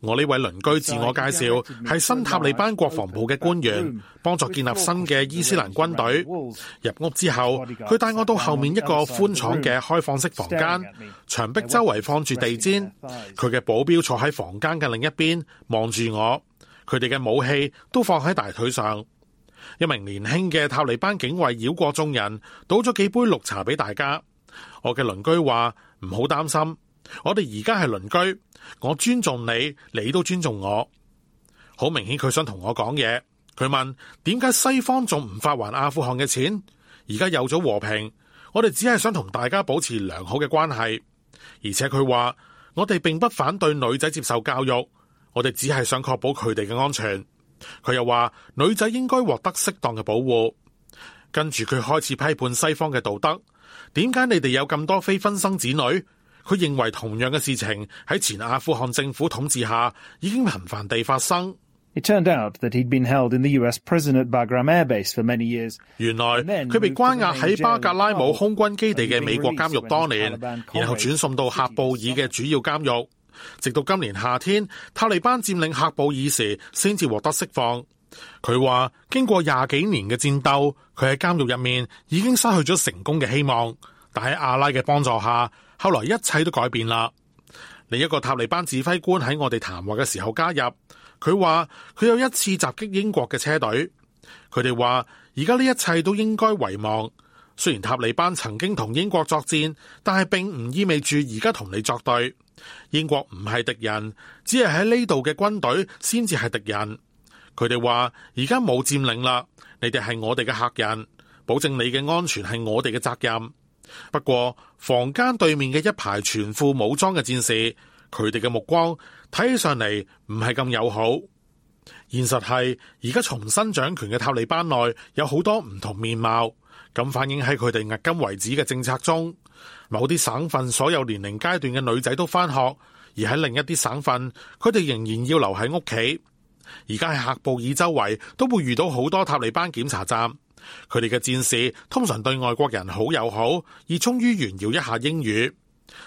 我呢位鄰居自我介紹係新塔利班國防部嘅官員，幫助建立新嘅伊斯蘭軍隊。入屋之後，佢帶我到後面一個寬敞嘅開放式房間，牆壁周圍放住地氈。佢嘅保鏢坐喺房間嘅另一邊，望住我。佢哋嘅武器都放喺大腿上。一名年輕嘅塔利班警衛繞過眾人，倒咗幾杯綠茶俾大家。我嘅鄰居話唔好擔心。我哋而家係鄰居，我尊重你，你都尊重我。好明顯佢想同我講嘢，佢問點解西方仲唔發還阿富汗嘅錢？而家有咗和平，我哋只係想同大家保持良好嘅關係。而且佢話我哋並不反對女仔接受教育，我哋只係想確保佢哋嘅安全。佢又話女仔應該獲得適當嘅保護。跟住佢開始批判西方嘅道德，點解你哋有咁多非婚生子女？佢認為同樣嘅事情喺前阿富汗政府統治下已經頻繁地發生。原來佢被關押喺巴格拉姆空軍基地嘅美國監獄多年，然後轉送到喀布爾嘅主要監獄，直到今年夏天塔利班佔領喀布爾時先至獲得釋放。佢話：經過廿幾年嘅戰鬥，佢喺監獄入面已經失去咗成功嘅希望，但喺阿拉嘅幫助下。後來一切都改變啦。另一個塔利班指揮官喺我哋談話嘅時候加入，佢話佢有一次襲擊英國嘅車隊。佢哋話而家呢一切都應該遺忘。雖然塔利班曾經同英國作戰，但係並唔意味住而家同你作對。英國唔係敵人，只係喺呢度嘅軍隊先至係敵人。佢哋話而家冇佔領啦，你哋係我哋嘅客人，保證你嘅安全係我哋嘅責任。不過，房間對面嘅一排全副武裝嘅戰士，佢哋嘅目光睇起上嚟唔係咁友好。現實係而家重新掌權嘅塔利班內有好多唔同面貌，咁反映喺佢哋迄今為止嘅政策中。某啲省份所有年齡階段嘅女仔都翻學，而喺另一啲省份，佢哋仍然要留喺屋企。而家喺喀布爾周圍都會遇到好多塔利班檢查站。佢哋嘅戰士通常對外國人好友好，而終於炫耀一下英語。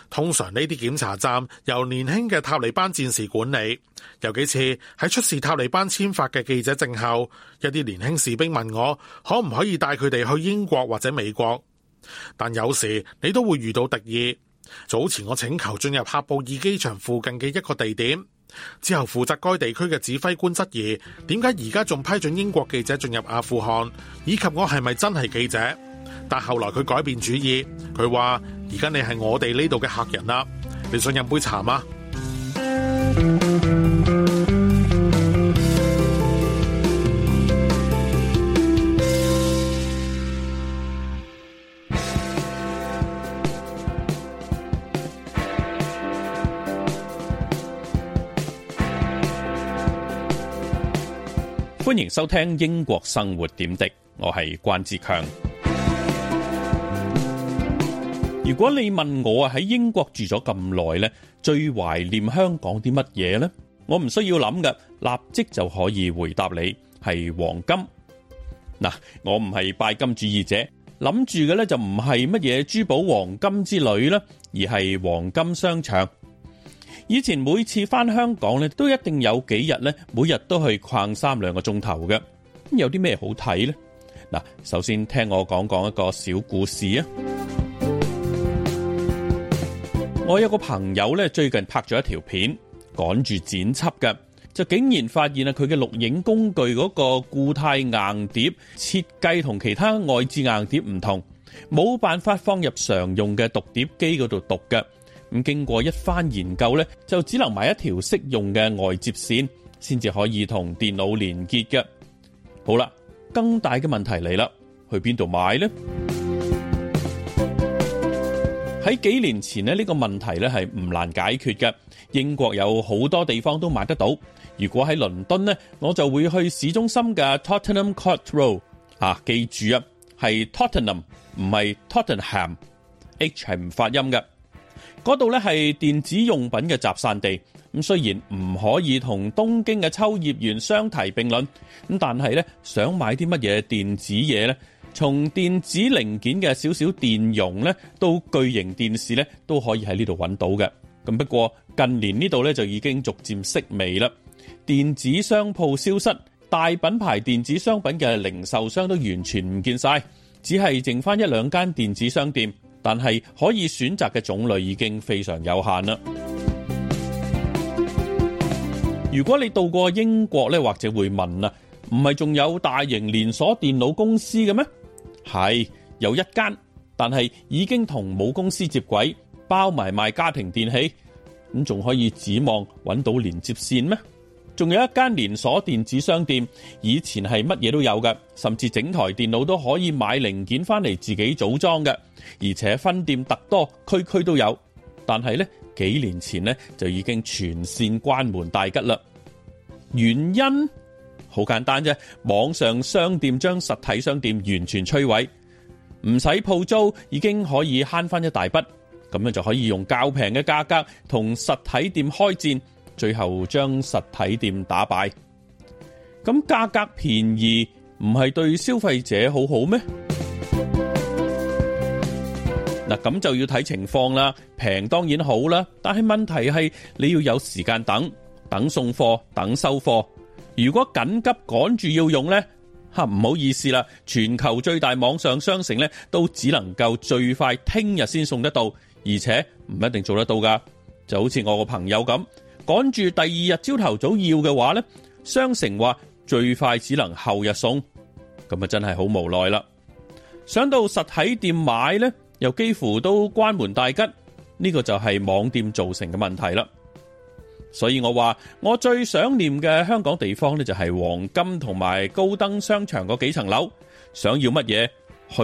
通常呢啲檢查站由年輕嘅塔利班戰士管理。有幾次喺出示塔利班簽發嘅記者證後，一啲年輕士兵問我可唔可以帶佢哋去英國或者美國。但有時你都會遇到敵意。早前我請求進入喀布爾機場附近嘅一個地點。之後負責該地區嘅指揮官質疑：點解而家仲批准英國記者進入阿富汗？以及我係咪真係記者？但後來佢改變主意，佢話：而家你係我哋呢度嘅客人啦，你想飲杯茶嗎？歡迎收聽英國生活點滴，我係關志強。如果你問我喺英國住咗咁耐咧，最懷念香港啲乜嘢咧？我唔需要諗嘅，立即就可以回答你係黃金。嗱，我唔係拜金主義者，諗住嘅咧就唔係乜嘢珠寶、黃金之類啦，而係黃金商場。以前每次翻香港咧，都一定有幾日咧，每日都去逛三兩個鐘頭嘅。咁有啲咩好睇呢？嗱，首先聽我講講一個小故事啊。我有個朋友咧，最近拍咗一條片，趕住剪輯嘅，就竟然發現啊，佢嘅錄影工具嗰個固態硬碟設計同其他外置硬碟唔同，冇辦法放入常用嘅讀碟機嗰度讀嘅。咁經過一番研究咧，就只能買一條適用嘅外接線，先至可以同電腦連結嘅。好啦，更大嘅問題嚟啦，去邊度買咧？喺幾年前咧，呢個問題咧係唔難解決嘅。英國有好多地方都買得到。如果喺倫敦咧，我就會去市中心嘅 Tottenham Court Road，啊，記住啊，係 Tottenham，唔係 Tottenham，H 係唔發音嘅。嗰度咧係電子用品嘅集散地，咁雖然唔可以同東京嘅秋葉原相提並論，咁但係咧想買啲乜嘢電子嘢呢？從電子零件嘅少少電容咧，到巨型電視咧，都可以喺呢度揾到嘅。咁不過近年呢度咧就已經逐漸式微啦，電子商鋪消失，大品牌電子商品嘅零售商都完全唔見晒，只係剩翻一兩間電子商店。但係可以選擇嘅種類已經非常有限啦。如果你到過英國咧，或者會問啊，唔係仲有大型連鎖電腦公司嘅咩？係有一間，但係已經同母公司接軌，包埋賣家庭電器，咁仲可以指望揾到連接線咩？仲有一間連鎖電子商店，以前係乜嘢都有嘅，甚至整台電腦都可以買零件翻嚟自己組裝嘅，而且分店特多，區區都有。但係呢，幾年前呢，就已經全線關門大吉啦。原因好簡單啫，網上商店將實體商店完全摧毀，唔使鋪租已經可以慳翻一大筆，咁樣就可以用較平嘅價格同實體店開戰。最後將實體店打敗，咁價格便宜唔係對消費者好好咩？嗱，咁 就要睇情況啦。平當然好啦，但係問題係你要有時間等，等送貨，等收貨。如果緊急趕住要用呢，吓、啊、唔好意思啦。全球最大網上商城呢都只能夠最快聽日先送得到，而且唔一定做得到噶。就好似我個朋友咁。趕住第二日朝頭早要嘅話咧，商城話最快只能後日送，咁，啊真係好無奈啦。想到實體店買咧，又幾乎都關門大吉，呢個就係網店造成嘅問題啦。所以我話我最想念嘅香港地方呢，就係黃金同埋高登商場嗰幾層樓，想要乜嘢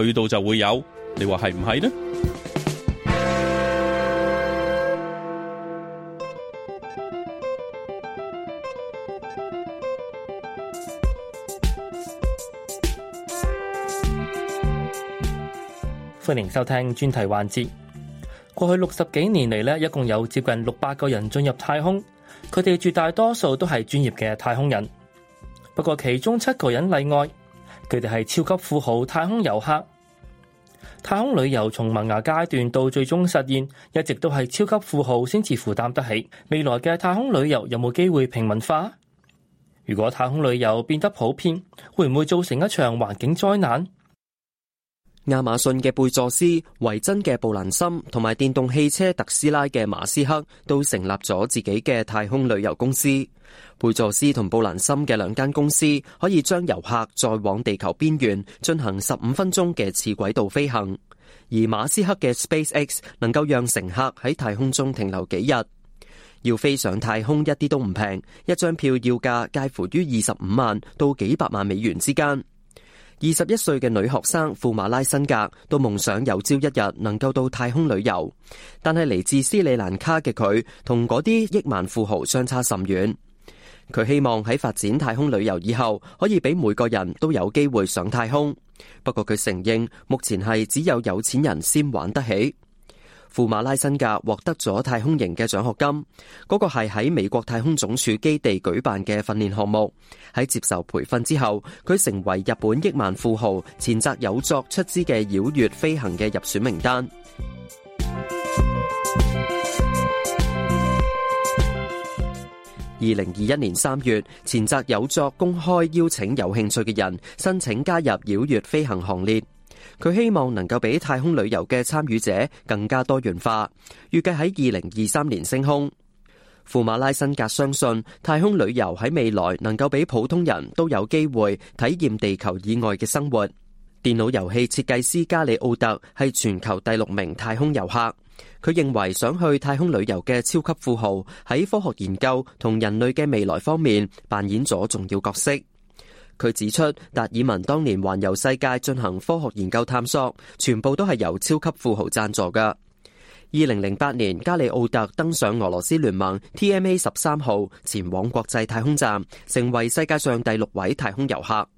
去到就會有，你話係唔係呢？歡迎收聽專題環節。過去六十幾年嚟咧，一共有接近六百個人進入太空，佢哋絕大多數都係專業嘅太空人。不過其中七個人例外，佢哋係超級富豪太空遊客。太空旅遊從萌芽階段到最終實現，一直都係超級富豪先至負擔得起。未來嘅太空旅遊有冇機會平民化？如果太空旅遊變得普遍，會唔會造成一場環境災難？亞馬遜嘅貝佐斯、維珍嘅布蘭森同埋電動汽車特斯拉嘅馬斯克都成立咗自己嘅太空旅遊公司。貝佐斯同布蘭森嘅兩間公司可以將遊客再往地球邊緣進行十五分鐘嘅次軌道飛行，而馬斯克嘅 SpaceX 能夠讓乘客喺太空中停留幾日。要飛上太空一啲都唔平，一張票要價介乎於二十五萬到幾百萬美元之間。二十一歲嘅女學生富馬拉辛格，都夢想有朝一日能夠到太空旅遊。但係嚟自斯里蘭卡嘅佢，同嗰啲億萬富豪相差甚遠。佢希望喺發展太空旅遊以後，可以俾每個人都有機會上太空。不過佢承認，目前係只有有錢人先玩得起。富馬拉辛格獲得咗太空營嘅獎學金，嗰、那個係喺美國太空總署基地舉辦嘅訓練項目。喺接受培訓之後，佢成為日本億萬富豪前澤友作出資嘅繞月飛行嘅入選名單。二零二一年三月，前澤友作公開邀請有興趣嘅人申請加入繞月飛行行列。佢希望能夠俾太空旅遊嘅參與者更加多元化，預計喺二零二三年升空。庫馬拉辛格相信太空旅遊喺未來能夠俾普通人都有機會體驗地球以外嘅生活。電腦遊戲設計師加里奧特係全球第六名太空遊客，佢認為想去太空旅遊嘅超級富豪喺科學研究同人類嘅未來方面扮演咗重要角色。佢指出，達爾文當年環遊世界進行科學研究探索，全部都係由超級富豪讚助噶。二零零八年，加里奧特登上俄羅斯聯盟 TMA 十三號前往國際太空站，成為世界上第六位太空遊客。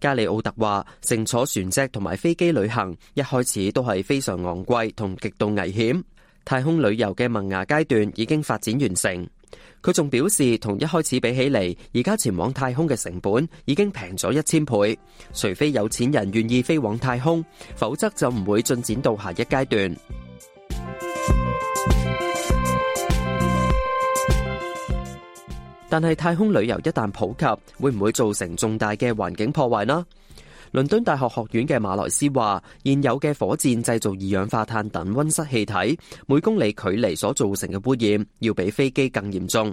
加里奧特話：乘坐船隻同埋飛機旅行一開始都係非常昂貴同極度危險。太空旅遊嘅萌芽階段已經發展完成。佢仲表示，同一開始比起嚟，而家前往太空嘅成本已經平咗一千倍。除非有錢人願意飛往太空，否則就唔會進展到下一階段。但係太空旅遊一旦普及，會唔會造成重大嘅環境破壞呢？倫敦大學學院嘅馬來斯話：現有嘅火箭製造二氧化碳等温室氣體，每公里距離所造成嘅污染，要比飛機更嚴重。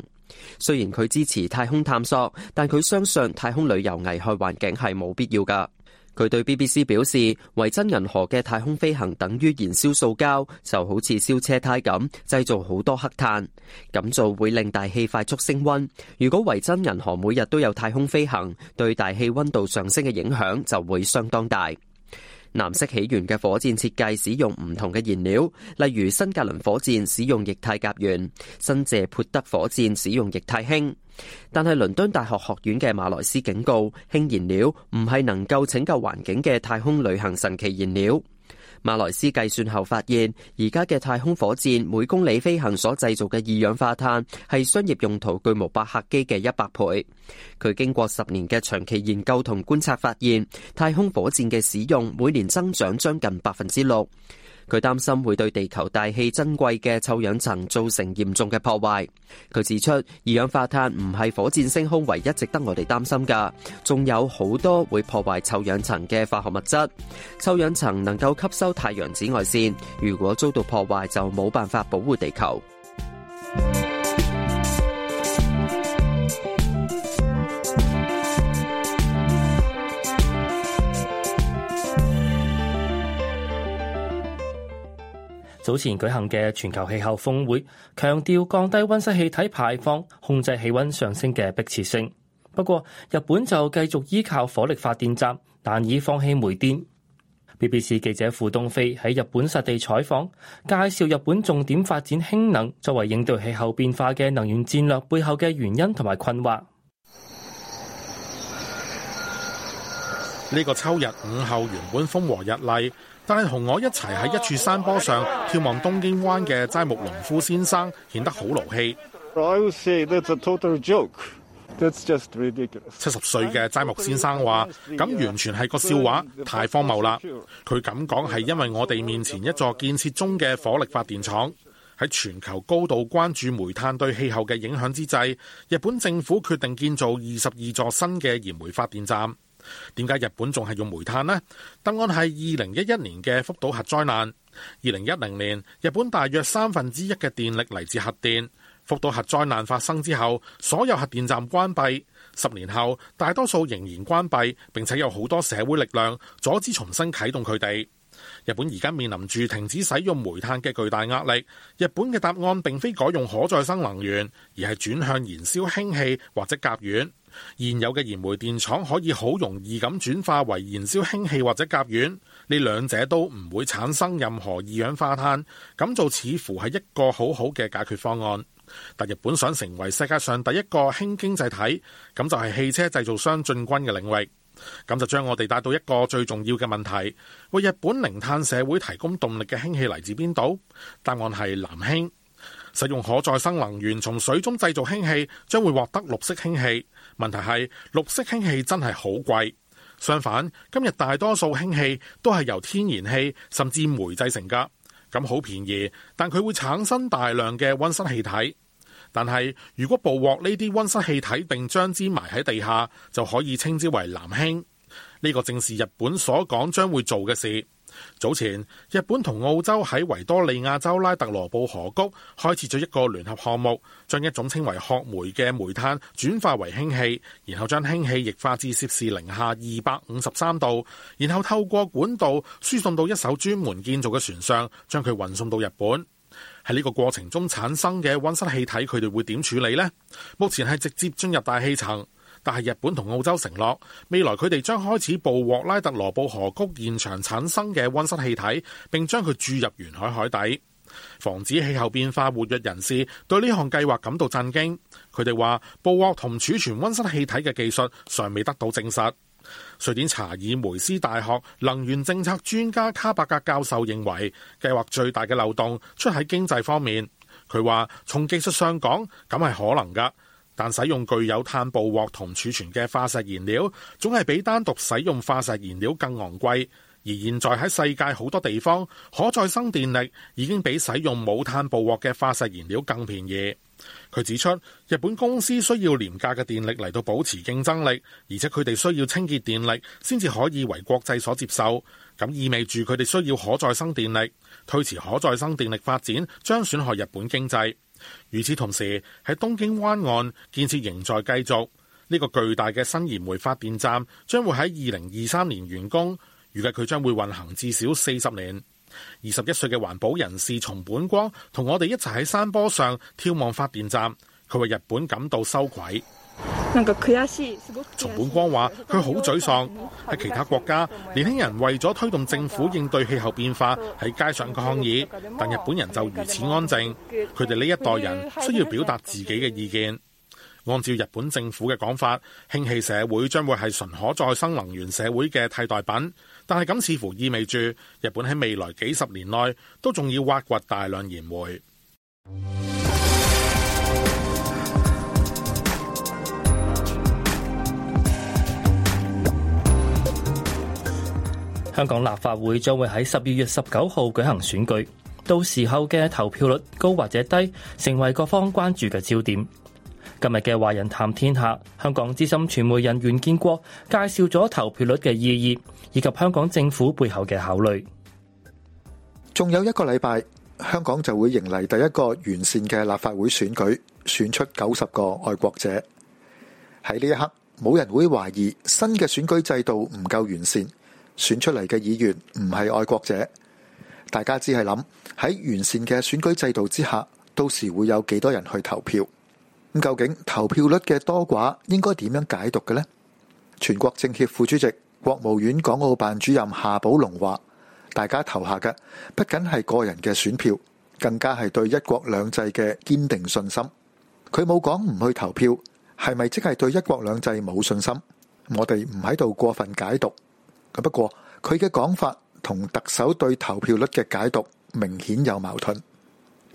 雖然佢支持太空探索，但佢相信太空旅遊危害環境係冇必要噶。佢對 BBC 表示，維珍銀河嘅太空飛行等於燃燒塑膠，就好似燒車胎咁，製造好多黑炭。咁做會令大氣快速升溫。如果維珍銀河每日都有太空飛行對大氣溫度上升嘅影響就會相當大。藍色起源嘅火箭設計使用唔同嘅燃料，例如新格倫火箭使用液態甲烷，新謝潑德火箭使用液態氫。但係倫敦大學學院嘅馬萊斯警告，氫燃料唔係能夠拯救環境嘅太空旅行神奇燃料。馬萊斯計算後發現，而家嘅太空火箭每公里飛行所製造嘅二氧化碳係商業用途巨無霸客機嘅一百倍。佢經過十年嘅長期研究同觀察，發現太空火箭嘅使用每年增長將近百分之六。佢擔心會對地球大氣珍貴嘅臭氧層造成嚴重嘅破壞。佢指出，二氧化碳唔係火箭升空唯一值得我哋擔心㗎，仲有好多會破壞臭氧層嘅化學物質。臭氧層能夠吸收太陽紫外線，如果遭到破壞，就冇辦法保護地球。早前舉行嘅全球氣候峰會，強調降低温室氣體排放、控制氣温上升嘅迫切性。不過，日本就繼續依靠火力發電站，難以放棄煤電。BBC 記者傅東飛喺日本實地採訪，介紹日本重點發展氫能作為應對氣候變化嘅能源戰略背後嘅原因同埋困惑。呢個秋日午後，原本風和日麗。但係同我一齊喺一處山坡上眺望東京灣嘅齋木隆夫先生顯得好勞氣。七十歲嘅齋木先生話：咁完全係個笑話，太荒謬啦！佢咁講係因為我哋面前一座建設中嘅火力發電廠。喺全球高度關注煤炭對氣候嘅影響之際，日本政府決定建造二十二座新嘅燃煤發電站。點解日本仲係用煤炭呢？答案係二零一一年嘅福島核災難。二零一零年，日本大約三分之一嘅電力嚟自核電。福島核災難發生之後，所有核電站關閉。十年後，大多數仍然關閉，並且有好多社會力量阻止重新啟動佢哋。日本而家面臨住停止使用煤炭嘅巨大壓力。日本嘅答案並非改用可再生能源，而係轉向燃燒氫氣或者甲烷。現有嘅燃煤電廠可以好容易咁轉化為燃燒氫氣或者甲烷，呢兩者都唔會產生任何二氧化碳，咁就似乎係一個好好嘅解決方案。但日本想成為世界上第一個氫經濟體，咁就係汽車製造商進軍嘅領域，咁就將我哋帶到一個最重要嘅問題：為日本零碳社會提供動力嘅氫氣嚟自邊度？答案係藍氫，使用可再生能源從水中製造氫氣，將會獲得綠色氫氣。問題係綠色氫氣真係好貴，相反今日大多數氫氣都係由天然氣甚至煤製成噶，咁好便宜，但佢會產生大量嘅溫室氣體。但係如果捕獲呢啲溫室氣體並將之埋喺地下，就可以稱之為藍氫。呢個正是日本所講將會做嘅事。早前，日本同澳洲喺維多利亞州拉特羅布河谷開設咗一個聯合項目，將一種稱為褐煤嘅煤炭轉化為氫氣，然後將氫氣液化至攝氏零下二百五十三度，然後透過管道輸送到一艘專門建造嘅船上，將佢運送到日本。喺呢個過程中產生嘅温室氣體，佢哋會點處理呢？目前係直接進入大氣層。但係日本同澳洲承諾，未來佢哋將開始捕獲拉特羅布河谷現場產生嘅温室氣體，並將佢注入沿海海底，防止氣候變化。活躍人士對呢項計劃感到震驚，佢哋話捕獲同儲存温室氣體嘅技術尚未得到證實。瑞典查爾梅斯大學能源政策專家卡伯格教授認為，計劃最大嘅漏洞出喺經濟方面。佢話從技術上講，咁係可能嘅。但使用具有碳捕獲同儲存嘅化石燃料，總係比單獨使用化石燃料更昂貴。而現在喺世界好多地方，可再生電力已經比使用冇碳捕獲嘅化石燃料更便宜。佢指出，日本公司需要廉價嘅電力嚟到保持競爭力，而且佢哋需要清潔電力先至可以為國際所接受。咁意味住佢哋需要可再生電力。推遲可再生電力發展，將損害日本經濟。與此同時，喺東京灣岸建設仍在繼續。呢個巨大嘅新燃煤發電站將會喺二零二三年完工，預計佢將會運行至少四十年。二十一歲嘅環保人士松本光同我哋一齊喺山坡上眺望發電站，佢為日本感到羞愧。重本光話佢好沮喪，喺其他國家，年輕人為咗推動政府應對氣候變化喺街上抗議，但日本人就如此安靜。佢哋呢一代人需要表達自己嘅意見。按照日本政府嘅講法，氫氣社會將會係純可再生能源社會嘅替代品，但係咁似乎意味住日本喺未來幾十年內都仲要挖掘大量燃煤。香港立法會將會喺十二月十九號舉行選舉，到時候嘅投票率高或者低，成為各方關注嘅焦點。今日嘅《華人談天下》，香港資深傳媒人袁建國介紹咗投票率嘅意義，以及香港政府背後嘅考慮。仲有一個禮拜，香港就會迎嚟第一個完善嘅立法會選舉，選出九十個愛國者。喺呢一刻，冇人會懷疑新嘅選舉制度唔夠完善。選出嚟嘅議員唔係愛國者，大家只係諗喺完善嘅選舉制度之下，到時會有幾多人去投票？咁究竟投票率嘅多寡應該點樣解讀嘅呢？全國政協副主席、國務院港澳辦主任夏寶龍話：大家投下嘅不僅係個人嘅選票，更加係對一國兩制嘅堅定信心。佢冇講唔去投票，係咪即係對一國兩制冇信心？我哋唔喺度過分解讀。不過佢嘅講法同特首對投票率嘅解讀明顯有矛盾。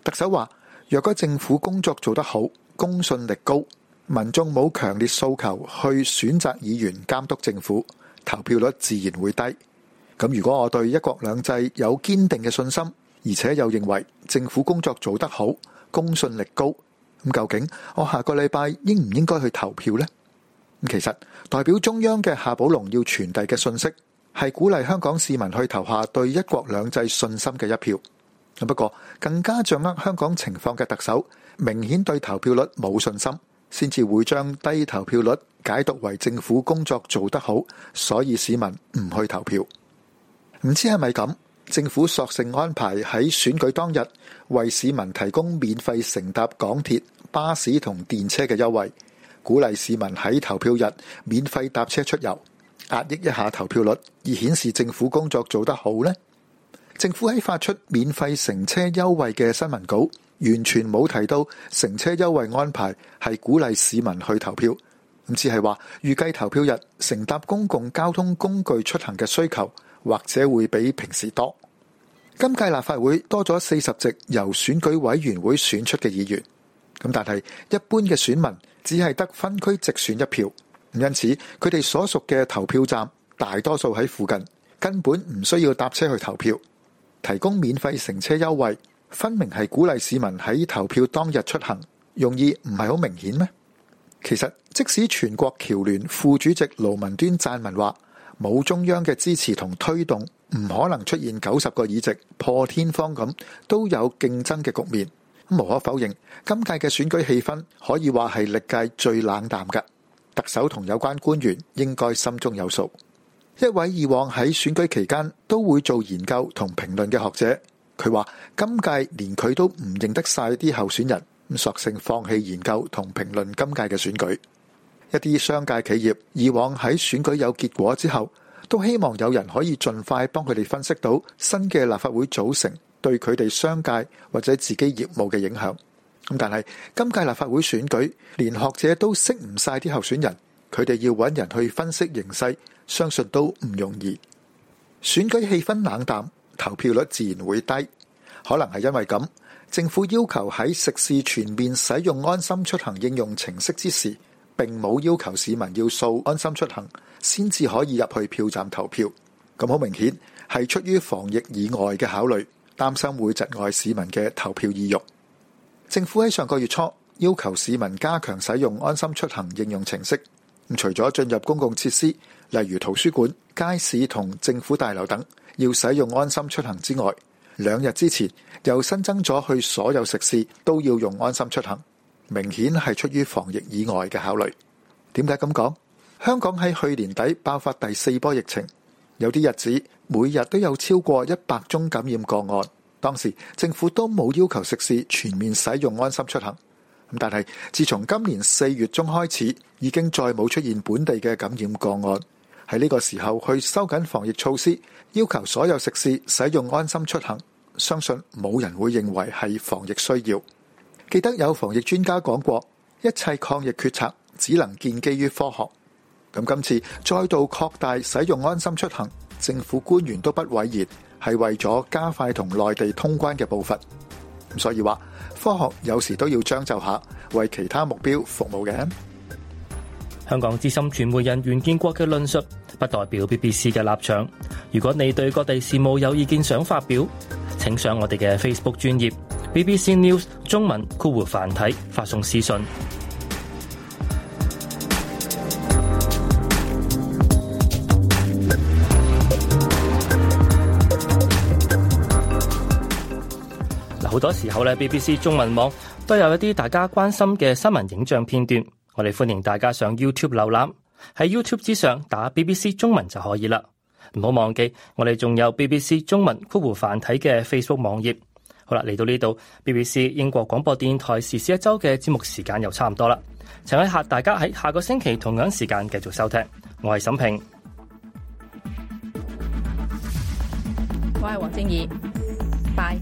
特首話：若果政府工作做得好，公信力高，民眾冇強烈訴求去選擇議員監督政府，投票率自然會低。咁如果我對一國兩制有堅定嘅信心，而且又認為政府工作做得好，公信力高，咁究竟我下個禮拜應唔應該去投票呢？其實代表中央嘅夏寶龍要傳遞嘅信息。係鼓勵香港市民去投下對一國兩制信心嘅一票。不過，更加掌握香港情況嘅特首，明顯對投票率冇信心，先至會將低投票率解讀為政府工作做得好，所以市民唔去投票。唔知係咪咁？政府索性安排喺選舉當日為市民提供免費乘搭港鐵、巴士同電車嘅優惠，鼓勵市民喺投票日免費搭車出遊。壓抑一下投票率，而顯示政府工作做得好呢？政府喺發出免費乘車優惠嘅新聞稿，完全冇提到乘車優惠安排係鼓勵市民去投票，咁只係話預計投票日乘搭公共交通工具出行嘅需求或者會比平時多。今屆立法會多咗四十席由選舉委員會選出嘅議員，咁但係一般嘅選民只係得分區直選一票。因此，佢哋所屬嘅投票站大多數喺附近，根本唔需要搭車去投票，提供免費乘車優惠，分明係鼓勵市民喺投票當日出行，用意唔係好明顯咩？其實，即使全國僑聯副主席盧文端撰文話，冇中央嘅支持同推動，唔可能出現九十個議席破天荒咁都有競爭嘅局面。無可否認，今屆嘅選舉氣氛可以話係歷屆最冷淡噶。特首同有關官員應該心中有數。一位以往喺選舉期間都會做研究同評論嘅學者，佢話今屆連佢都唔認得晒啲候選人，咁索性放棄研究同評論今屆嘅選舉。一啲商界企業以往喺選舉有結果之後，都希望有人可以盡快幫佢哋分析到新嘅立法會組成，對佢哋商界或者自己業務嘅影響。咁但係今屆立法會選舉，連學者都識唔晒啲候選人，佢哋要揾人去分析形勢，相信都唔容易。選舉氣氛冷淡，投票率自然會低。可能係因為咁，政府要求喺食肆全面使用安心出行應用程式之時，並冇要求市民要掃安心出行，先至可以入去票站投票。咁好明顯係出於防疫以外嘅考慮，擔心會窒礙市民嘅投票意欲。政府喺上個月初要求市民加強使用安心出行應用程式。除咗進入公共設施，例如圖書館、街市同政府大樓等，要使用安心出行之外，兩日之前又新增咗去所有食肆都要用安心出行。明顯係出於防疫以外嘅考慮。點解咁講？香港喺去年底爆發第四波疫情，有啲日子每日都有超過一百宗感染個案。當時政府都冇要求食肆全面使用安心出行，但係自從今年四月中開始，已經再冇出現本地嘅感染個案，喺呢個時候去收緊防疫措施，要求所有食肆使用安心出行，相信冇人會認為係防疫需要。記得有防疫專家講過，一切抗疫決策只能建基於科學。咁今次再度擴大使用安心出行，政府官員都不諱言，係為咗加快同內地通關嘅步伐，所以話科學有時都要將就下，為其他目標服務嘅。香港資深傳媒人袁建國嘅論述不代表 BBC 嘅立場。如果你對各地事務有意見想發表，請上我哋嘅 Facebook 專頁 BBC News 中文酷狐繁體發送私信。好多時候咧，BBC 中文網都有一啲大家關心嘅新聞影像片段，我哋歡迎大家上 YouTube 瀏覽。喺 YouTube 之上打 BBC 中文就可以啦。唔好忘記，我哋仲有 BBC 中文括弧繁體嘅 Facebook 網頁。好啦，嚟到呢度，BBC 英國廣播電台時事一周嘅節目時間又差唔多啦。請喺下大家喺下個星期同樣時間繼續收聽。我係沈平，我係黃正儀，拜。